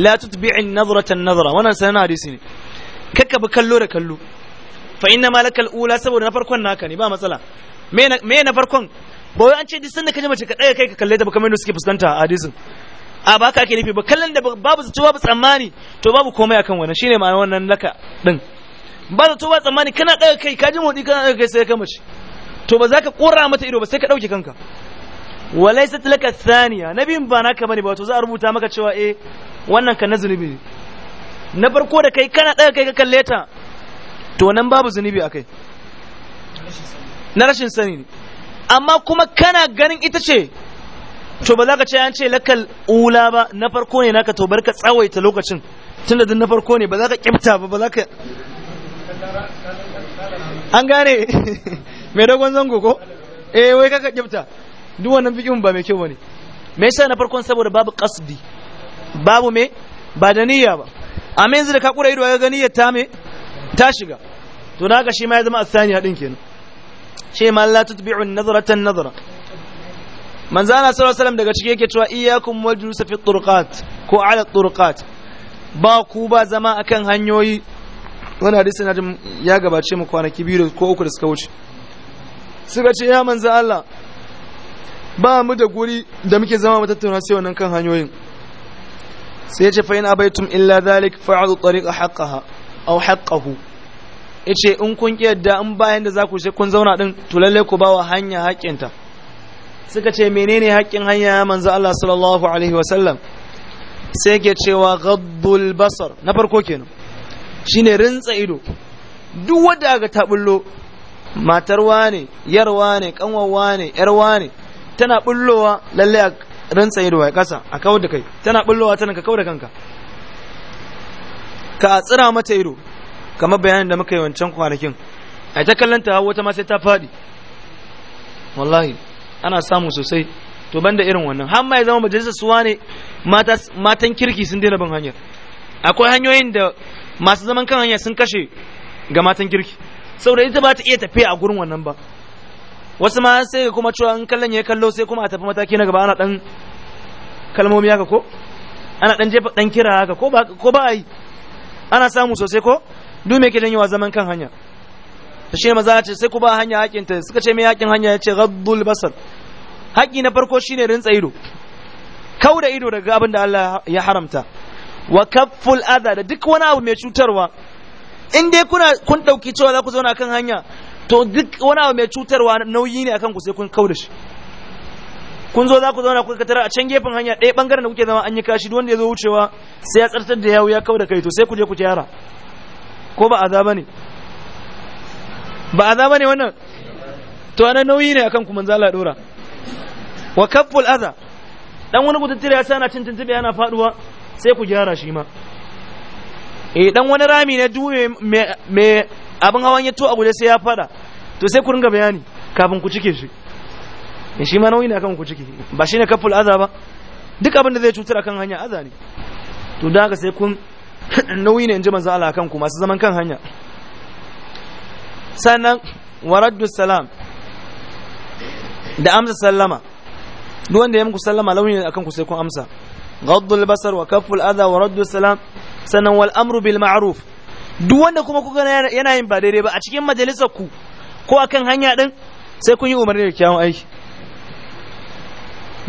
la tutbi'i an-nazrata an-nazra wannan sanan hadisi ne kakka bi kallo da kallo fa inna malaka al ula saboda na farkon naka ne ba matsala me na farkon ba wai an ce duk sanda ka je mace ka ɗaga kai ka kalle ta ba kamar yadda suke fuskanta a hadisin a ba ka ake nufi ba kallon da babu zato babu tsammani to babu komai akan wannan shine ma'ana wannan laka din ba zato ba tsammani kana daga kai ka ji motsi kana daga kai sai ka mace to ba za ka kora mata ido ba sai ka dauke kanka walaysat laka thaniya nabiyin ba naka bane ba to za a rubuta maka cewa eh wannan kan na zunubi ne na farko da kai kana daga kai ka kalle ta to nan babu zunubi akai na rashin sani ne amma kuma kana ganin ita ce to ba za ka ce an ce lakal ula ba na farko ne naka to barka tsawaita lokacin tunda duk na farko ne ba za ka kyafta ba ba za ka an gane mai dogon zango ko eh wai kaka kyafta duk wannan fikin ba mai kyau bane me yasa na farkon saboda babu qasdi babu me ba da niyya ba amma yanzu da ka kura ido ga ganiyar ta me ta shiga to naka shi ma ya zama asaniya din kenan shi ma la tutbi'u nazratan nazra manzana sallallahu alaihi daga ciki yake cewa iyyakum wal julus fi turqat ko ala turqat ba ku ba zama akan hanyoyi wannan hadisi na jin ya gabace mu kwanaki biyu ko uku da suka wuce suka ce ya manzo Allah ba mu da guri da muke zama mu tattauna sai wannan kan hanyoyin sai ya ce fa in abaitum illa dhalik fa'adu tariqa haqqaha aw haqqahu yace in kun ki yadda in bayan da za ku je kun zauna din to lalle ku ba wa hanya haƙinta suka ce menene haƙƙin hanya manzo Allah sallallahu alaihi wasallam sai ke cewa ghaddul basar na farko kenan shine rintsa ido duk wanda ga ta bullo matar wane yar wane kanwar wane yar wane tana bullowa lalle a rantsa ido a kasa a kawar da kai tana bullowa tana ka kawar da kanka ka tsira mata ido kamar bayanin da muka yi wancan kwanakin a ta kallon ta wata ma sai ta faɗi wallahi ana samu sosai to banda irin wannan har ma ya zama majalisar suwa ne matan kirki sun daina bin hanyar akwai hanyoyin da masu zaman kan hanya sun kashe ga matan kirki saboda ita ba ta iya tafiya a gurin wannan ba wasu ma sai kuma cewa in kallon ya kallo sai kuma a tafi mataki na gaba ana dan kalmomi haka ko ana dan jefa dan kira haka ko ba ko ba ai ana samu sosai ko duk me ke janyewa zaman kan hanya ta shi maza ce sai ku ba hanya hakinta suka ce me yakin hanya ya ce basar haƙƙi na farko shine rintsa ido kau da ido daga abin da Allah ya haramta wa kafful adha da duk wani abu mai cutarwa in dai kuna kun dauki cewa za ku zauna kan hanya to duk wani abu mai cutarwa nauyi ne akan ku sai kun kau da shi kun zo za ku zauna kuka tarar a can gefen hanya ɗaya bangaren da kuke zama an yi kashi duk wanda ya zo wucewa sai ya tsartar da yawo ya kau da kai to sai ku je ku gyara ko ba azaba ne ba azaba ne wannan to ana nauyi ne akan ku manzala dora wa kafful adha dan wani gututtura ya sa cin tuntube yana faduwa sai ku gyara shi ma eh dan wani rami na duwe me abin hawan ya to a guje sai ya fada to sai ku ringa bayani kafin ku cike shi in eh, shi ma nauyi ne akan ku cike ba shine kafful adha ba duk abin da zai cutar akan hanya adha ne to dan haka sai kun nauyi ne in ji manzo Allah akan ku masu zaman kan hanya sannan waraddu salam da amsa sallama duk wanda ya muku sallama launi akan ku sai kun amsa ghaddul basar wa kafful adha wa raddu salam sanan wal amru bil ma'ruf duk wanda kuma kuka yana yin ba daidai ba a cikin majalisar ku ko akan hanya din sai kun yi umarni da kyawun aiki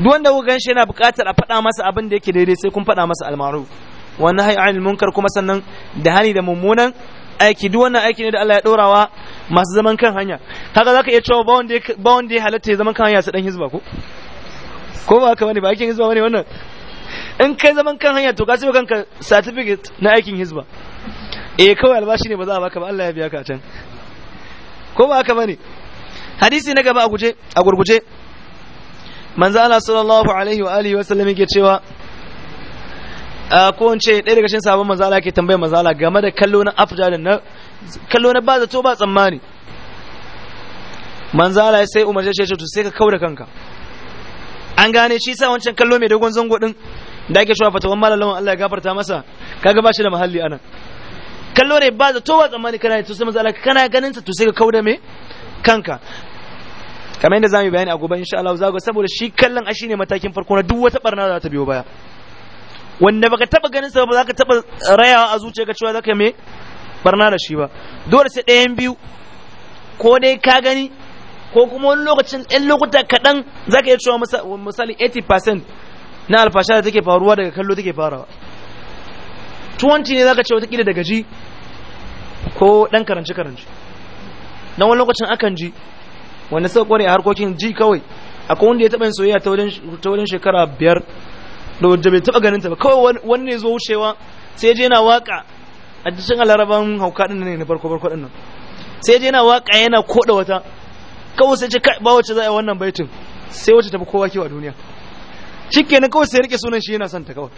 duk wanda kuka ganshi yana buƙatar a faɗa masa abin da yake daidai sai kun faɗa masa al ma'ruf wa nahyi anil munkar kuma sannan da hani da mummunan aiki duk wannan aiki ne da Allah ya dorawa masu zaman kan hanya kaga zaka iya cewa ba wanda ya halatta ya zaman kan hanya su dan hizba ko ko ba haka bane ba aikin hizba bane wannan in kai zaman kan hanya to ka sai kanka certificate na aikin hizba eh kawai albashi ne ba za a baka ba Allah ya biya ka can ko ba haka bane hadisi na gaba a guje a gurguje manzo Allah sallallahu alaihi wa alihi wa sallam yake cewa ko in ce ɗaya daga cikin sabon manzo Allah ke tambayar manzo Allah game da kallo na afjar na kallo na ba zato ba tsammani manzo Allah sai umarce ce to sai ka kauda kanka an gane shi sa wancan kallo mai dogon zango din da ake shafa fatawan malalawan Allah ya gafarta masa kaga ba shi da muhalli anan kallo ne ba to ba tsammani kana to sai matsala kana ganin sa to sai ka kauda me kanka kamar yadda zamu bayani a gobe insha Allah zago saboda shi kallon a shine matakin farko na duk wata barna da ta biyo baya wanda baka taba ganin sa ba zaka taba rayawa a ka cewa zaka me barna da shi ba dole sai ɗayan biyu ko dai ka gani ko kuma wani lokacin ɗan lokuta kaɗan za ka iya cewa misali 80% na alfasha da take faruwa daga kallo take farawa 20 ne za ka ce watakila daga ji ko ɗan karanci-karanci don wani lokacin akan ji wanda suka kware a harkokin ji kawai akwai wanda ya taɓa yin soyayya ta wajen shekara biyar da wadda bai taɓa ganin ta ba kawai wani ne zo wucewa sai je na waka a cikin alaraban hauka ɗin ne na farko farko ɗin nan sai je na waka yana koɗa wata kawai sai ce kai ba wacce za a wannan baitin sai wacce tafi kowa kewa duniya shi na kawai sai rike sunan shi yana son ta kawai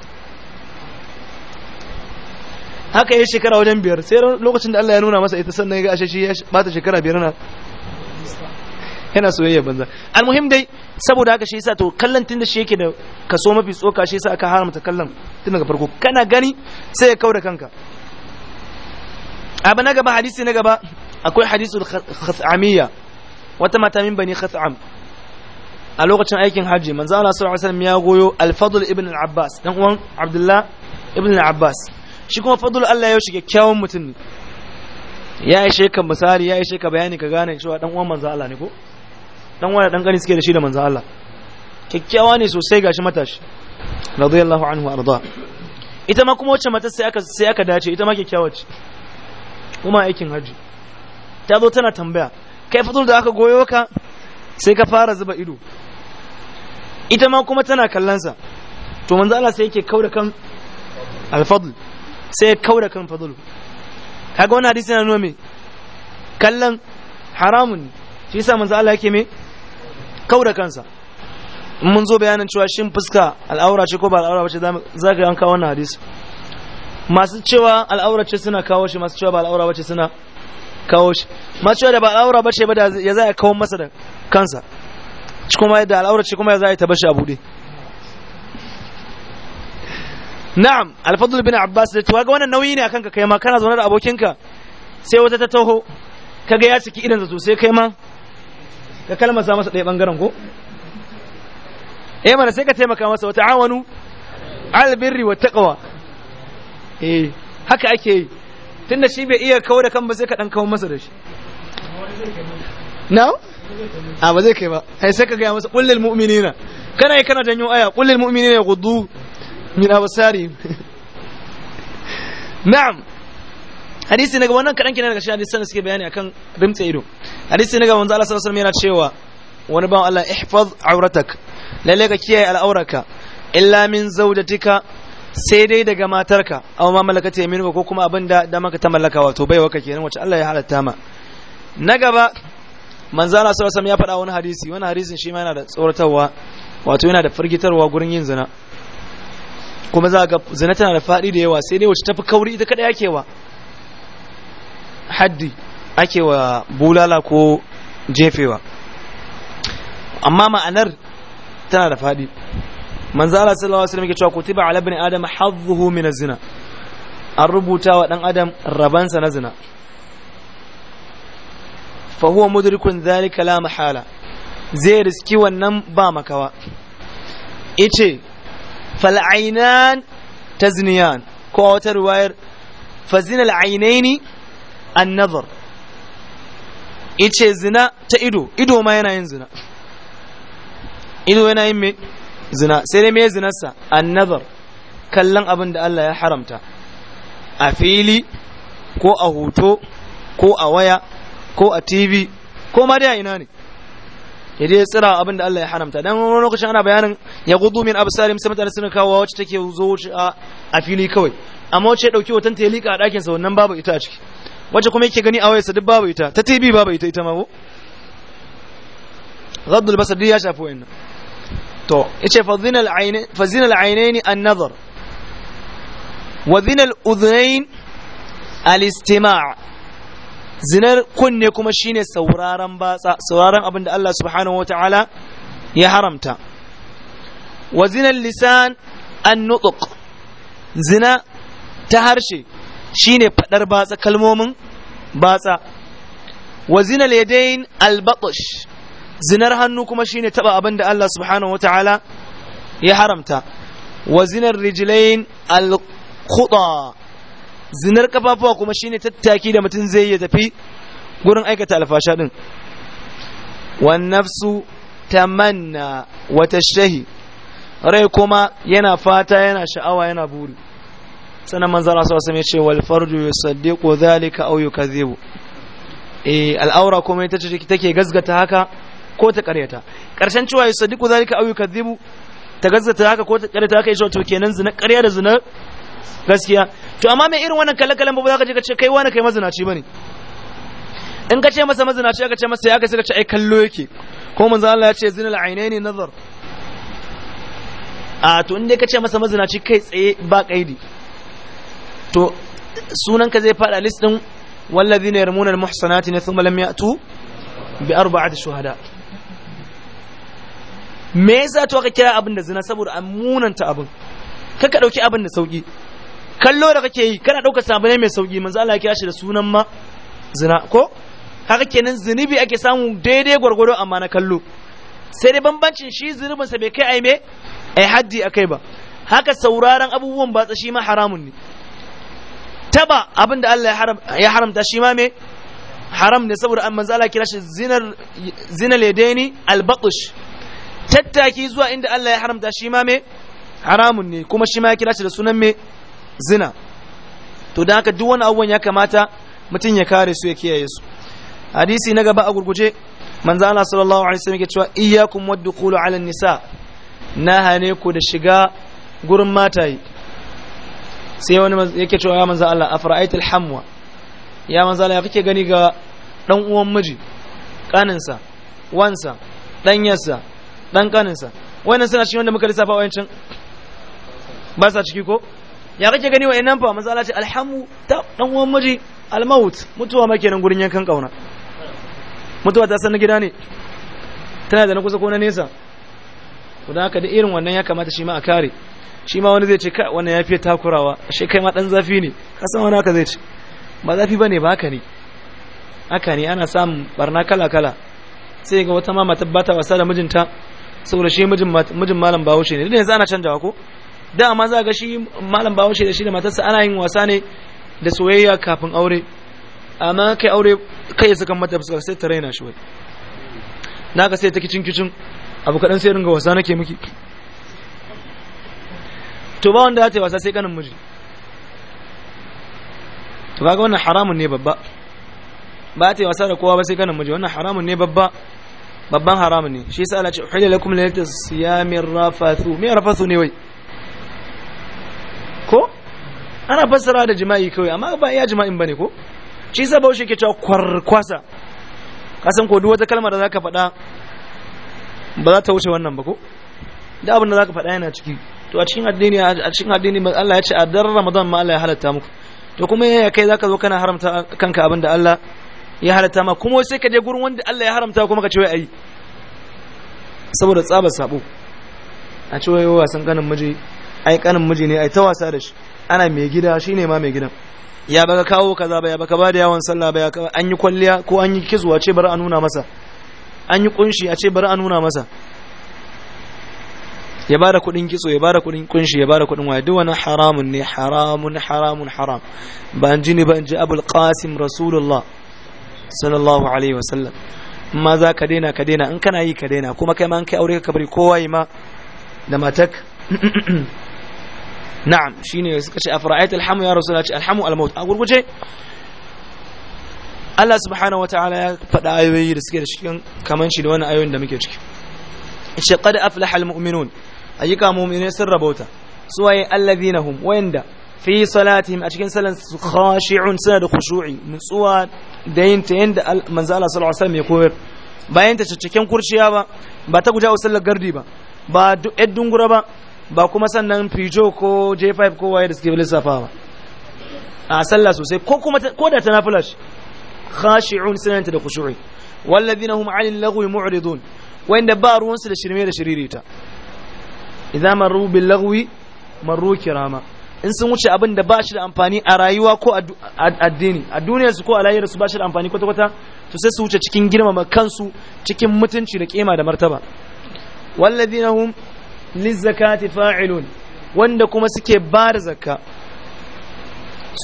haka ya shekara wajen biyar sai lokacin da Allah ya nuna masa ita sannan ya ga ashe shi ya bata shekara biyar na yana soyayya banza almuhim dai saboda haka shi yasa to kallon tunda shi yake da kaso mafi tsoka shi yasa aka haramta kallon tun daga farko kana gani sai ya da kanka abu na gaba hadisi na gaba akwai hadisul khathamiyya wata mata min bani khat'am a lokacin aikin hajji manzo Allah sallallahu alaihi wasallam ya goyo al-fadl ibn al-abbas dan uwan abdullah ibn al-abbas shi kuma fadl Allah ya shige kyawun mutum ya ishe ka misali ya ishe ka bayani ka gane cewa dan uwan manzo Allah ne ko dan wani dan gani suke da shi da manzo Allah kyakkyawa ne sosai gashi matashi radiyallahu anhu arda ita ma kuma wacce mata sai aka sai aka dace ita ma kyakkyawa ce kuma aikin haji ta zo tana tambaya kai fatul da aka goyo ka sai ka fara zuba ido ita ma kuma tana kallonsa to manzo Allah sai yake kauda kan al-fadl sai kauda kan fadl kaga wannan hadisi na nuna me kallon haramun shi yasa manzo Allah yake me kauda kansa in mun zo bayanin cewa shin fuska al'aura ce ko ba al'aura ba ce za ka yanka wannan hadisi masu cewa al'aura ce suna kawo shi masu cewa ba al'aura ba ce suna kawo shi macewa da ba al'aura bace ba da ya za a kawo masa da kansa kuma da al'aura ce kuma ya za a yi tabashi a bude. na'am alfadul bin abbas da tuwa ga wannan nauyi ne akan ka kai ma kana zaune da abokinka sai wata ta taho kaga ya ciki idan zato sai kai ma ka kalmar sa masa ɗaya ɓangaren ko eh mana sai ka taimaka masa wa awanu albirri wa taqwa eh haka ake yi tunda shi bai iya kawo da kan ba sai ka dan kawo masa da shi no? a ba zai kai ba ai sai ka gaya masa kullil mu'minina kana yi kana janyo aya kullil mu'minina yaghuddu min absari na'am hadisi na gaba wannan kadan kina daga shi hadisan da suke bayani akan rimtsa ido hadisi na gaba manzo Allah sallallahu alaihi wasallam yana cewa wani bawan Allah ihfaz auratak lalle ka kiyaye al'auraka illa min zawjatika sai dai daga matarka aw ma malakata yaminuka ko kuma abin da da maka ta mallaka wato baiwa ka kenan wacce Allah ya halatta ma na gaba manzo Allah sallallahu alaihi ya faɗa wani hadisi wani hadisin shi ma yana da tsoratarwa wato yana da firgitarwa gurin yin zina kuma za ga zina tana da faɗi da yawa sai dai wacce tafi kauri ita kada yake wa haddi ake wa bulala ko jefewa amma ma'anar tana da faɗi manzo Allah sallallahu alaihi wasallam yake cewa kutiba ala ibn adam hazzuhu min az-zina an rubuta wa dan adam rabansa na zina fa huwa mudrikun dhalika la mahala zai riski wannan ba makawa ice fal'ainan tazniyan ko wata riwayar fa ruwayar fazina al'ainaini an nazar ice zina ta ido ido ma yana yin zina ido yana yin me zina sai dai me zinarsa annabar kallon abin da Allah ya haramta a fili ko a hoto ko a waya ko a tv ko ma dai ina ne ya tsira abin da Allah ya haramta dan wani lokacin ana bayanin ya gudu min absarim sai mutane suna kawo wacce take zo a fili kawai amma wacce ya dauki wata ta lika a dakin sa wannan babu ita a ciki wacce kuma yake gani a wayarsa duk babu ita ta tv babu ita ita ma ko gaddul basar duk ya shafi wayannan to yace fa zinal ayni fa zinal aynaini an-nazar wa al-istima' zinar kunne kuma shine sauraron batsa sauraron abin da Allah subhanahu wataala ya haramta wa lisan an-nutq zina ta harshe shine fadar batsa kalmomin batsa wa zinal yadayn al-batsh zinar hannu kuma shine taba abin da Allah subhanahu wataala ya haramta wa zinar rijlain al zinar kafafuwa kuma shine tattaki da mutum zai ya tafi gurin aikata alfasha din wan nafsu tamanna wa tashahi rai kuma yana fata yana sha'awa yana buri sanan manzara sallallahu alaihi wasallam ya ce wal farju yusaddiqu dhalika aw yukadhibu eh al'aura kuma ita ce take gasgata haka ko ta karyata karshen cewa ya sadiku zalika au yukadhibu ta gazzata haka ko ta karyata haka yace to kenan zina ƙarya da zina gaskiya to amma me irin wannan kallakalan ba za ka je ka ce kai wani kai mazinaci bane in ka ce masa mazinaci aka ce masa ya aka suka ce ai kallo yake ko manzo Allah ya ce zinal ainaini nazar a to inda ka ce masa mazinaci kai tsaye ba kaidi to sunan ka zai fada list din wallazina yarmuna almuhsanati thumma lam ya'tu bi arba'ati shuhada' me yasa to aka kira abin da zina saboda an munanta abin kaka dauki abin da sauki kallo da kake yi kana dauka sabu mai sauki manzo Allah ya kira shi da sunan ma zina ko haka kenan zunubi ake samu daidai gwargwado amma na kallo sai dai bambancin shi zunubin sa bai kai ai me ai haddi akai ba haka sauraron abubuwan batsa shi ma haramun ne taba abin da Allah ya haramta shi ma me haram ne saboda an manzo Allah kira shi zinar zinal yadaini al tattaki zuwa inda Allah ya haramta shi ma me haramun ne kuma shi ma ya kira shi da sunan me zina to da haka duk wani abubuwan ya kamata mutum ya kare su ya kiyaye su hadisi na gaba a gurguje manzo Allah sallallahu alaihi wasallam yake cewa iyyakum wadkhulu ala nisa na hane ku da shiga gurin mataye sai wani yake cewa ya manzo Allah afra'ait alhamwa ya manzo Allah ya kike gani ga dan uwan miji kaninsa wansa danyarsa dan kaninsa wannan suna cikin wanda muka lissafa wayancin ba sa ciki ko ya kake gani wayannan fa manzo Allah ce alhamu ta dan uwan miji almaut mutuwa ma kenan gurin yankan kauna mutuwa ta san gida ne tana da na kusa ko na nesa to dan haka da irin wannan ya kamata shi ma a kare shi ma wani zai ce kai wannan ya takurawa ashe kai ma dan zafi ne kasan wani haka zai ce ba zafi bane ba haka ne haka ne ana samun barna kala kala sai ga wata mama ta bata wasa da mijinta saboda shi mijin malam bahaushe ne yanzu ana canjawa ko da amma za ga shi malam bahaushe da shi da matarsa ana yin wasa ne da soyayya kafin aure amma kai aure kai suka mata fuskar sai ta raina shi wai naka sai ta kicin kicin abu kaɗan sai ringa wasa nake miki to ba wanda ya ta wasa sai kanin miji to ga wannan haramun ne babba ba ta wasa da kowa ba sai kanin miji wannan haramun ne babba babban haram ne shi yasa Allah ce uhilla lakum laylatu siyami rafathu me rafathu ne wai ko ana fassara da jima'i kawai amma ba iya jima'in bane ko shi yasa bawo shi ke cewa kwarkwasa kasan ko duk wata kalmar da zaka faɗa ba za ta wuce wannan ba ko da abin da zaka faɗa yana ciki to a cikin addini a cikin addini Allah ya ce a dar Ramadan ma Allah ya halatta muku to kuma yaya kai zaka zo kana haramta kanka abin da Allah ya halatta ma kuma sai ka je gurin wanda Allah ya haramta kuma ka ce wai ayi saboda tsaba sabo a ce wai wasan kanin miji ai kanin miji ne ai ta wasa da shi ana mai gida shine ma mai gidan ya baka kawo kaza ba ya baka ba da yawan sallah ba an yi kwalliya ko an yi kizuwa ce bari a nuna masa an yi kunshi a ce bari a nuna masa ya bada kudin kitso ya bada kudin kunshi ya bada kudin waya duk wani haramun ne haramun haramun haram ba an ji ne ba an ji abul qasim rasulullah sallallahu alaihi wasallam ma za ka daina ka daina in kana yi ka daina kuma kai ma an kai aure ka bari kowa yi ma da matak na'am shine suka ce afra'ayta alhamu ya rasulullah ce alhamu almaut a gurguje Allah subhanahu wataala ya faɗa ayoyi da suke da cikin shi da wannan ayoyin da muke ciki ce qad aflaha almu'minun ayyuka mu'minai sun rabauta suwaye allazina hum wayanda fi salatihim a cikin salan su khashi'un suna da khushu'i nutsuwa da yin ta yanda manzo Allah sallallahu alaihi wasallam ya koyar bayan ta cikin kurciya ba ba ta guja sallar gardi ba ba yar dungura ba ba kuma sannan fijo ko j5 ko waye da suke lissafa ba a sallah sosai ko kuma ko da ta nafila shi khashi'un suna ta da khushu'i walladhina hum 'anil lagwi mu'ridun wanda ba ruwansu da shirme da shiririta idan marru bil lagwi marru kirama in sun wuce abin da ba shi da amfani a rayuwa ko addini a duniyarsu ko a lahirarsu ba shi da amfani kwata-kwata to sai su wuce cikin girmama kansu cikin mutunci da kima da martaba walladina hum lizzakati fa'ilun wanda kuma suke ba da zakka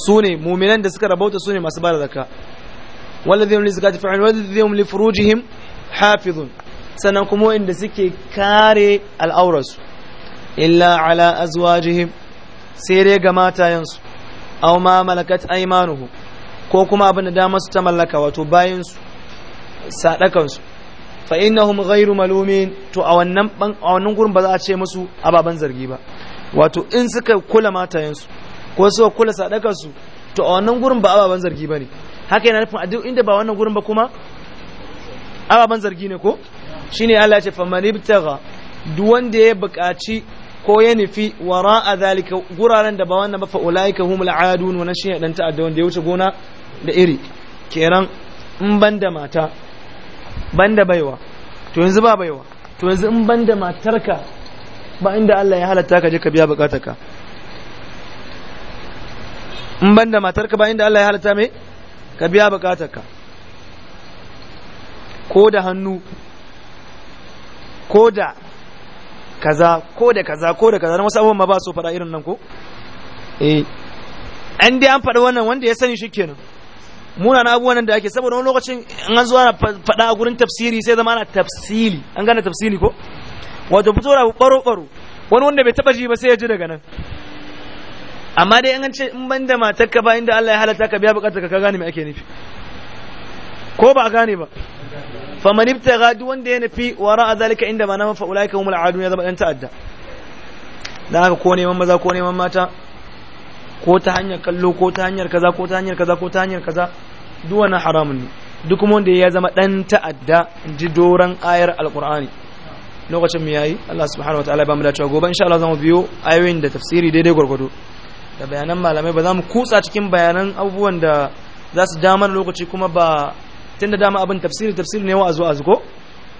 su ne muminan da suka rabauta su ne masu ba da zakka walladina hum lizzakati fa'ilun walladina hum li furujihim hafizun sannan kuma wanda suke kare al'aurarsu illa ala azwajihim sai dai ga matayensu au ma malakat aimanuhu ko kuma abin da dama su ta mallaka wato bayansu sadakansu fa innahum ghairu malumin to a wannan a wannan gurin ba za a ce musu ababan zargi ba wato in suka kula matayensu ko suka kula sadakansu to a wannan gurin ba ababan zargi bane haka yana nufin a duk inda ba wannan gurin ba kuma ababan zargi ne ko shine Allah ya ce faman ibtagha duk wanda ya buƙaci ko ya nufi wara a zalika guraren da ba wannan ba fa'ulaika humul adun wannan shi dan ta'adda wanda ya wuce gona da iri kenan in banda mata banda baiwa to yanzu ba baiwa to yanzu in banda matarka ba inda Allah ya halatta ka je ka biya ka in banda matarka ba inda Allah ya halatta me ka biya ka ko da hannu ko da kaza ko da kaza ko da kaza na wasu abubuwan ma ba su faɗa irin nan ko eh an dai an fada wannan wanda ya sani shikenan muna na abubuwan da ake saboda wani lokacin in an zo ana fada a gurin tafsiri sai zama ana tafsili an gane tafsili ko wato fito da baro baro wani wanda bai taba ji ba sai ya ji daga nan amma dai an ce in ban da matar ka ba inda Allah ya halatta ka biya bukatar ka ka gane me ake nufi ko ba gane ba faman ibtaga duk wanda ya nufi wara zalika inda ma na fa ulaika humul aadun ya zama dan ta'adda dan haka ko neman maza ko neman mata ko ta hanyar kallo ko ta hanyar kaza ko ta hanyar kaza ko ta hanyar kaza duk wannan haramun ne duk wanda ya zama dan ta'adda ji doran ayar alqur'ani lokacin mu yayi Allah subhanahu wataala ya bamu dacewa gobe insha Allah zamu biyo ayoyin da tafsiri daidai gwargwado da bayanan malamai ba za mu kutsa cikin bayanan abubuwan da za su damar lokaci kuma ba tunda dama abin tafsiri tafsiri ne wa'azu wa'azu ko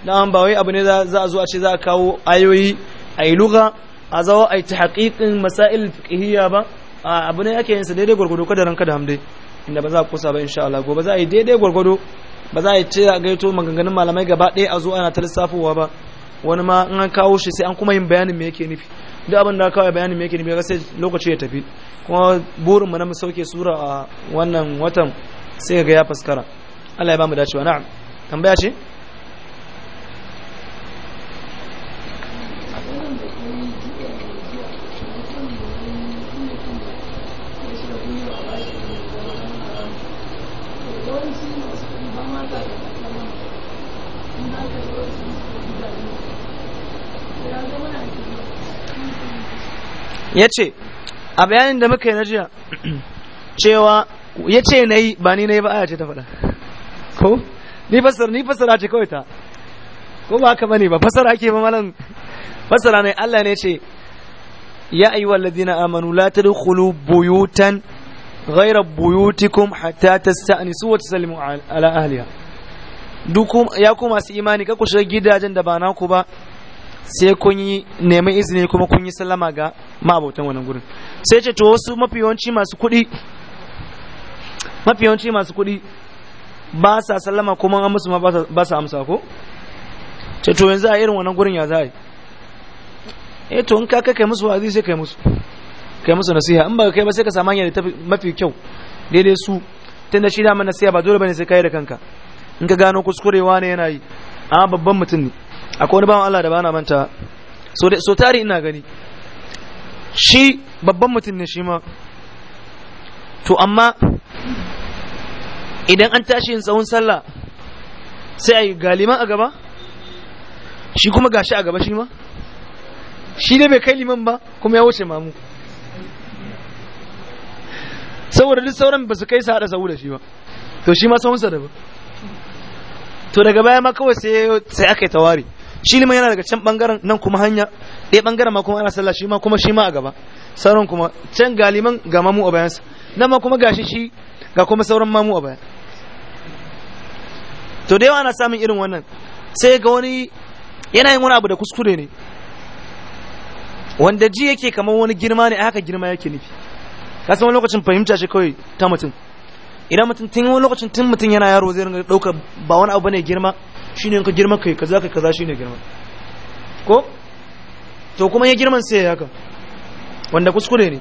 an ba wai abu ne za a zo a ce za a kawo ayoyi a yi luga a zawo ta haƙiƙin masail fiƙihiyya ba abu ne ake yin sa daidai gwargwado kada ranka da hamdai inda ba za ku kusa ba insha Allah gobe za a yi daidai gwargwado ba za a yi ce a gaito maganganun malamai gaba ɗaya a zo ana ta lissafowa ba wani ma in an kawo shi sai an kuma yin bayanin me yake nufi duk abin da kawai bayanin me yake nufi ga sai lokaci ya tafi kuma burin mu na mu sauke sura a wannan watan sai ga ya faskara Allah ya ba mu dacewa na'am tambaya ce ya ce a bayanin da muka yi na jiya cewa ya ce na yi ba ni na yi ba aya ce ta faɗa ko ni fasara ni fasara ce kawai ta ko ba haka bane ba fasara ake ba malam fasara ne Allah ne ce ya ayyuhal ladina amanu la tadkhulu buyutan ghayra buyutikum hatta tasta'nisu wa tusallimu ala ahliha dukum ya ku masu imani ka ku shiga gidajen da ba na ku ba sai kun yi neman izini kuma kun yi sallama ga ma'abotan wannan gurin sai ce to wasu mafi yawanci masu kuɗi mafi yawanci masu kuɗi ba sa sallama kuma an musu ma ba sa amsa ko ce to yanzu a irin wannan gurin ya za a yi eh to in ka kai musu wa'azi sai kai musu kai musu nasiha in ba kai ba sai ka samu hanyar mafi kyau daidai su tunda shi dama nasiha ba dole bane sai kai da kanka in ka gano kuskurewa ne yana yi amma babban mutum ne akwai wani bawan Allah da bana manta so so tari ina gani shi babban mutum ne shi ma to amma idan an tashi yin tsawon sallah sai a yi galiman a gaba shi kuma gashi a gaba shi ma shi ne bai kai liman ba kuma ya wuce mamu saboda duk sauran ba su kai sa hada sau da shi ba to shi ma tsawonsa da ba to daga baya ma kawai sai aka yi tawari shi liman yana daga can bangaren nan kuma hanya ɗaya bangaren ma kuma ana sallah shi ma kuma shi ma a gaba sauran kuma can galiman ga mamu a bayansa nan ma kuma gashi shi ga kuma sauran mamu a baya to da yawa ana samun irin wannan sai ga wani yana yin wani abu da kuskure ne wanda ji yake kamar wani girma ne haka girma yake nufi ka san wani lokacin fahimta shi kawai ta mutum idan mutum tun wani lokacin tun mutum yana yaro zai ringa ɗauka ba wani abu ne girma shi ne ka girma kai kaza kai kaza ne girma ko to kuma ya girman sai ya haka wanda kuskure ne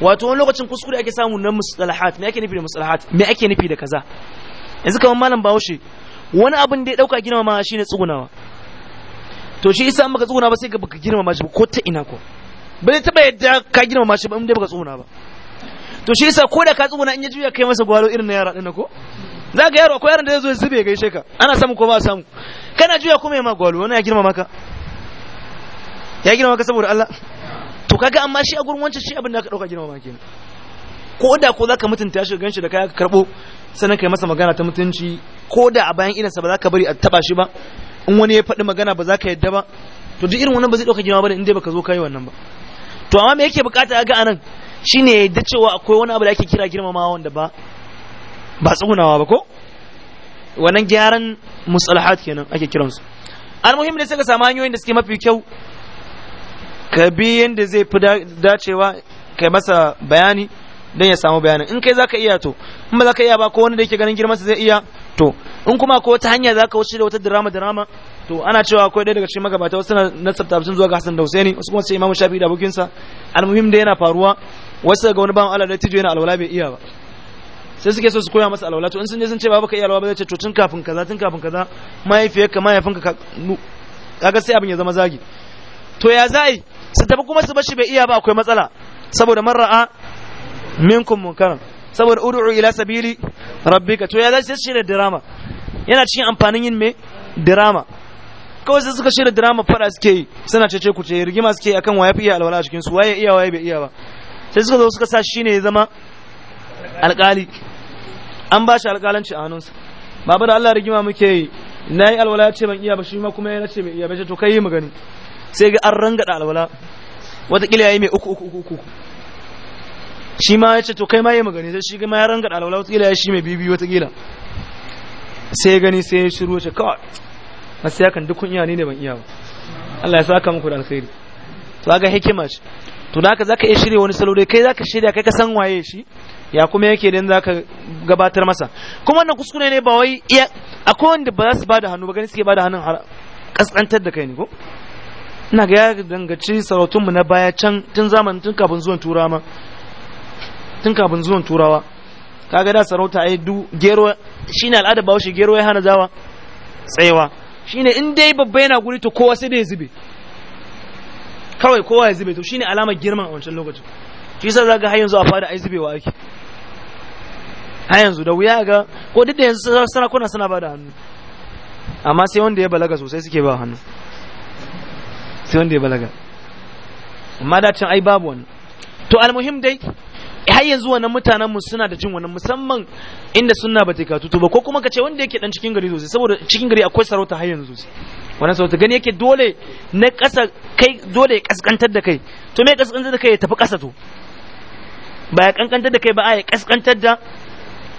wato wani lokacin kuskure ake samu na mustalahat me ake nufi da mustalahat me ake nufi da kaza yanzu kamar malam bahaushe wani abin da ya dauka shi shine tsugunawa to shi isa maka tsuguna ba sai ka baka girmama shi ko ta ina ko ba zai taba yadda ka girmama shi ba in baka tsuguna ba to shi isa ko da ka tsuguna in ya juya kai masa gwalo irin na yara din ko za ga yaro akwai yaron da ya zo ya zube gaishe ka ana samu ko ba samu kana juya kuma ya ma gwalo wani ya girmama ka ya girmama ka saboda Allah to kaga amma shi a gurin wancan shi abin da aka dauka girmama kenan ko da ko zaka mutunta shi ganshi da kaya ka karbo sanan kai masa magana ta mutunci ko da a bayan idansa ba za ka bari a taba shi ba in wani ya faɗi magana ba za ka yadda ba to duk irin wannan ba zai dauka girma ba in dai baka zo kai wannan ba to amma me yake bukata ga anan shine ya yadda cewa akwai wani abu da ake kira girma ma wanda ba ba tsugunawa ba ko wannan gyaran musalahat kenan ake kiransu almuhim sai suka samu hanyoyin da suke mafi kyau ka bi yadda zai fi dacewa kai masa bayani don ya samu bayanin in kai zaka iya to in ba zaka iya ba ko wanda yake ganin girman sa zai iya to in kuma ko wata hanya zaka wuce da wata drama drama to ana cewa akwai ɗaya daga cikin magabata wasu na nasabta sun zuwa ga Hassan da wasu kuma sai Imam Shafi da abokin sa almuhim da yana faruwa wasu ga wani bawan Allah da tijo yana alwala bai iya ba sai suke so su koya masa alwala to in sun je sun ce ba baka iya alwala ba zai ce to tun kafin kaza tun kafin kaza mahaifiyarka mahaifinka kaga sai abin ya zama zagi to ya za'i su tafi kuma su bashi bai iya ba akwai matsala saboda man ra'a minkum munkaran saboda ud'u ila sabili rabbika to ya zai shirya drama yana cikin amfanin yin me drama kawai sai suka shirya drama fara suke yi suna cece ku ce rigima suke yi akan waya fi iya alwala a cikin su waye iya waye bai iya ba sai suka zo suka sa shi ne ya zama alkali an ba shi alkalanci a hannunsa babu da Allah rigima muke yi nayi alwala ce ban iya ba shi ma kuma ya ce bai iya ba to kai yi mu gani sai ga an rangada alwala watakila yayi mai uku uku uku uku shi ma ya ce to kai ma yi magani sai shi ma ya rangada alwala watakila ya shi mai bibi watakila sai gani sai ya shiru ce kawai a sai kan duk iya ne ban iya ba Allah ya saka muku da alkhairi to ga hikima ce to da haka zaka iya shirye wani salo dai kai zaka shirya kai ka san waye shi ya kuma yake dan zaka gabatar masa kuma wannan kuskure ne ba wai akwai wanda ba za su bada hannu ba gani suke bada hannun kaskantar da kai ne ko ina ga ya dangaci sarautunmu na baya can tun zamanin tun kafin zuwan turawa ma tun kafin zuwan turawa kaga da sarauta ai du gero shine al'ada ba shi gero ya hana zawa tsayawa shine in dai babba yana guri to kowa sai da ya zube kawai kowa ya zube to shine alamar girman a wancan lokacin shi yasa zaka har yanzu a fara ai zubewa ake har yanzu da wuya ga ko duk da yanzu sarakuna suna bada hannu amma sai wanda ya balaga sosai suke ba hannu sai wanda ya balaga amma da can ai babu wani to almuhim dai har yanzu wannan mutanen mu suna da jin wannan musamman inda sunna ba ta katutu ba ko kuma ka ce wanda yake dan cikin gari sosai saboda cikin gari akwai sarauta har yanzu wannan sarauta gani yake dole na kasa kai dole ya kaskantar da kai to me kaskantar da kai ya tafi kasa to ba ya kankantar da kai ba a ya kaskantar da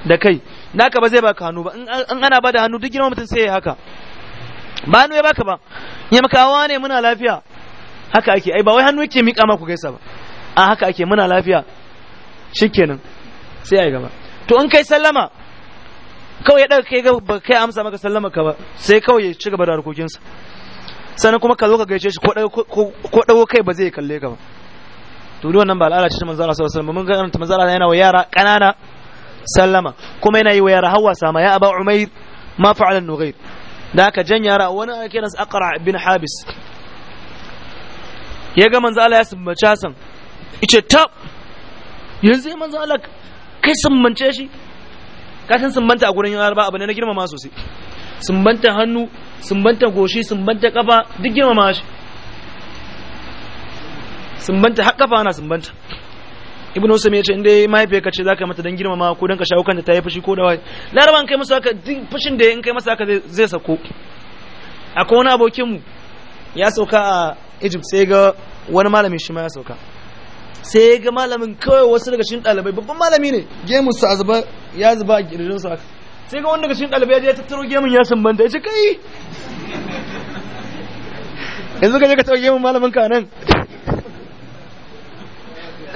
da kai naka ba zai baka hannu ba in ana ba da hannu duk girman mutum sai ya haka ba hannu ya baka ba yamkawa ne muna lafiya haka ake ai ba wai hannu yake miƙa maku gaisa ba a haka ake muna lafiya shikenan sai ai gaba to in kai sallama kawai ya daga kai ga ba kai amsa maka sallama ka ba sai kawai ya ci gaba da sa sannan kuma ka zo ka gaishe shi ko dago kai ba zai kalle ka ba to duk wannan ba al'ada ce ta manzo Allah sallallahu alaihi wasallam mun ga ta manzo Allah yana wa yara kanana sallama kuma yana yi wa yara hawa sama ya aba umair ma fa'ala nughair da aka jan yara wani a kiran sa akara bin habis ya ga manzo Allah ya sumbace san. yace ta, yanzu manzo Allah kai sumbance shi ka san sumbanta a gurin Yarba abu ne na girmama sosai sumbanta hannu sumbanta goshi sumbanta kafa duk girmama shi sumbanta har kafa ana sumbanta ibn usam ya ce in dai mahaifiyarka ce ka mata dan girmama ko dan ka shawo kanta ta yi fushi ko da wai in kai masa haka fushin da in kai masa haka zai sako akwai wani abokin mu ya sauka a Egypt sai ga wani malamin shi ma ya sauka sai ga malamin kawai wasu daga cikin ɗalibai babban malami ne gemu su azuba ya zuba a girgin su haka sai ga wani daga cikin ɗalibai ya tattaro gemun ya sambanta ya ce kai yanzu ka je ka taɓa gemun malamin ka nan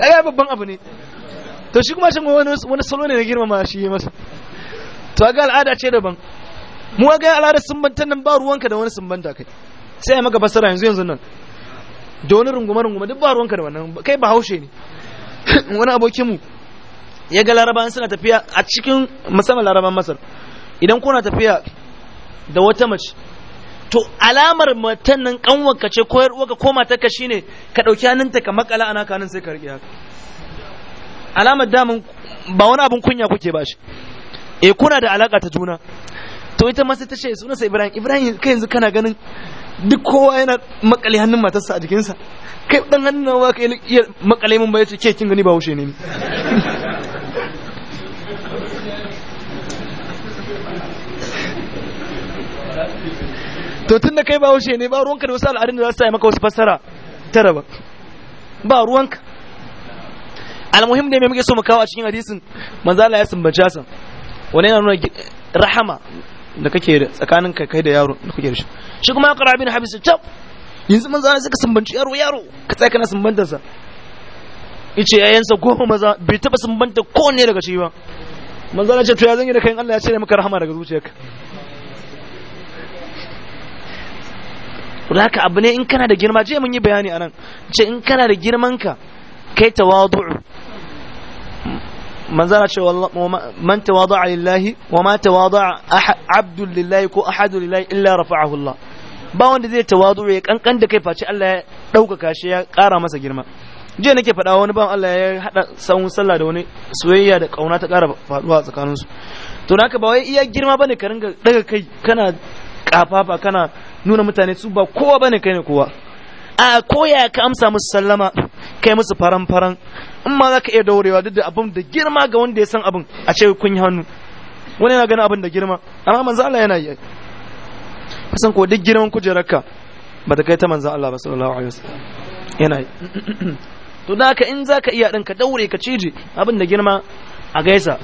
ya babban abu ne to shi kuma shi wani wani salo ne na girmama shi masa to ga al'ada ce daban mu ga al'ada banta nan ba ruwanka da wani sumbanta kai sai ai maka basara yanzu yanzu nan da wani runguma rungume duk ba ruwanka da wannan kai ba haushe ne wani abokin mu ya ga larabawan suna tafiya a cikin musamman laraban masar idan kuna tafiya da wata mace to alamar matan nan kanwanka ce ko yar koma ta kashi ne, ka dauki hannunta ka makala ana kanin sai ka rike haka alamar damun ba wani abun kunya kuke ba shi eh kuna da alaka ta juna to ita ma sai ta ce sunansa Ibrahim Ibrahim kai yanzu kana ganin duk kowa yana makale hannun matarsa a jikinsa kai dan hannun nawa kai makale mun ba yace ke kin gani ba haushe ne to tun da kai ba haushe ne ba ruwanka da wasu al'adun da za su yi maka wasu fassara tara ba ba ruwanka almuhim ne mai muke so mu kawo a cikin hadisin manzo Allah ya sumbace sa wani yana nuna rahama da kake da tsakanin kai kai da yaro da kuke da shi shi kuma aqra bin habis tab yanzu manzo Allah suka sumbanci yaro yaro ka tsaya kana sumbanta sa yace sa goma maza bai taba sumbanta ko ne daga shi ba manzo Allah ya ce to ya zanyi da kai Allah ya cire maka rahama daga zuciyarka haka abu ne in kana da girma je mun yi bayani anan ce in kana da girman ka kai tawadu'u manzana ce man tawadu'a lillahi wa ma tawadu'a abdu lillahi ko ahadu lillahi illa rafa'ahu Allah ba wanda zai tawadu ya kankan da kai face Allah ya ɗaukaka shi ya ƙara masa girma je nake faɗa wani ban Allah ya haɗa sahun sallah da wani soyayya da ƙauna ta ƙara faɗuwa tsakaninsu to naka ba wai iya girma bane ka ringa daga kai kana kafafa kana nuna mutane su ba kowa bane kai ne kowa a koya ka amsa musu sallama kai musu faran faran in ma zaka iya daurewa duk da abin da girma ga wanda ya san abin a ce kun yi hannu wani yana ganin abin da girma amma manzo Allah yana yi kusan ko duk girman kujerarka ba ta kai ta manzo Allah ba sallallahu alaihi wasallam yana yi to da haka in zaka iya din ka daure ka cije abin da girma a gaisa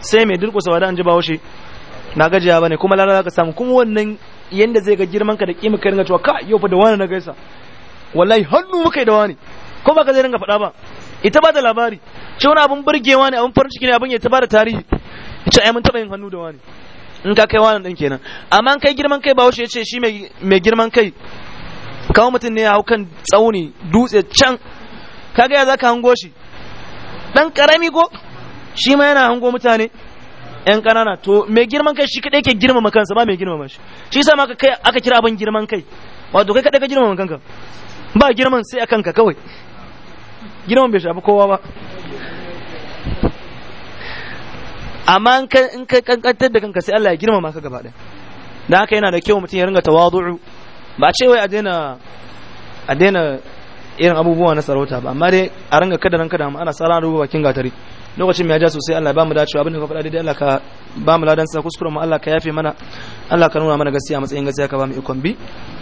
sai mai durƙusa da an ji bawo shi na gajiya bane kuma lalata ka samu kuma wannan yanda zai ga girman ka da kima ka ringa cewa ka yau fa da wani na gaisa wallahi hannu muka yi da wani ko ba ka zai ringa faɗa ba ita ba da labari ce wani abun burgewa ne abun farin ciki ne abun ya ta ba da tarihi ce ai mun taɓa yin hannu da wani in ka kai wani ɗin kenan amma kai girman kai ba ya ce shi mai girman kai kawo mutum ne ya hau kan tsauni dutse can kaga ya ka hango shi dan ƙarami ko shi ma yana hango mutane yan kanana to mai girman kai shi kadai ke girmama kansa ba mai girmama shi shi sa ma kai aka kira abin girman kai wato kai kadai ka girmama kanka ba girman sai a kanka kawai girman bai shafi kowa ba amma in ka kankantar da kanka sai Allah ya girmama ka gaba ɗaya da haka yana da kyau mutum ya ringa tawadu'u ba ce wai a daina a daina irin abubuwa na sarauta ba amma dai a ringa kada nan kada ana sala rubu bakin gatari lokacin mai ja sosai Allah ba mu dacewa abin da ka faɗa daidai Allah ka ba mu ladan sa kuskuren mu Allah ka yafe mana Allah ka nuna mana gaskiya a matsayin gaskiya ka ba mu ikon bi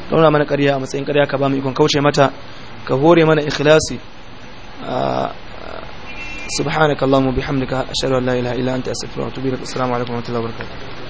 ka nuna mana ƙarya a matsayin ƙarya ka ba mu ikon kauce mata ka hore mana ikhlasi سبحانك اللهم وبحمدك اشهد ان لا اله الا انت استغفرك واتوب اليك السلام wa ورحمه wa وبركاته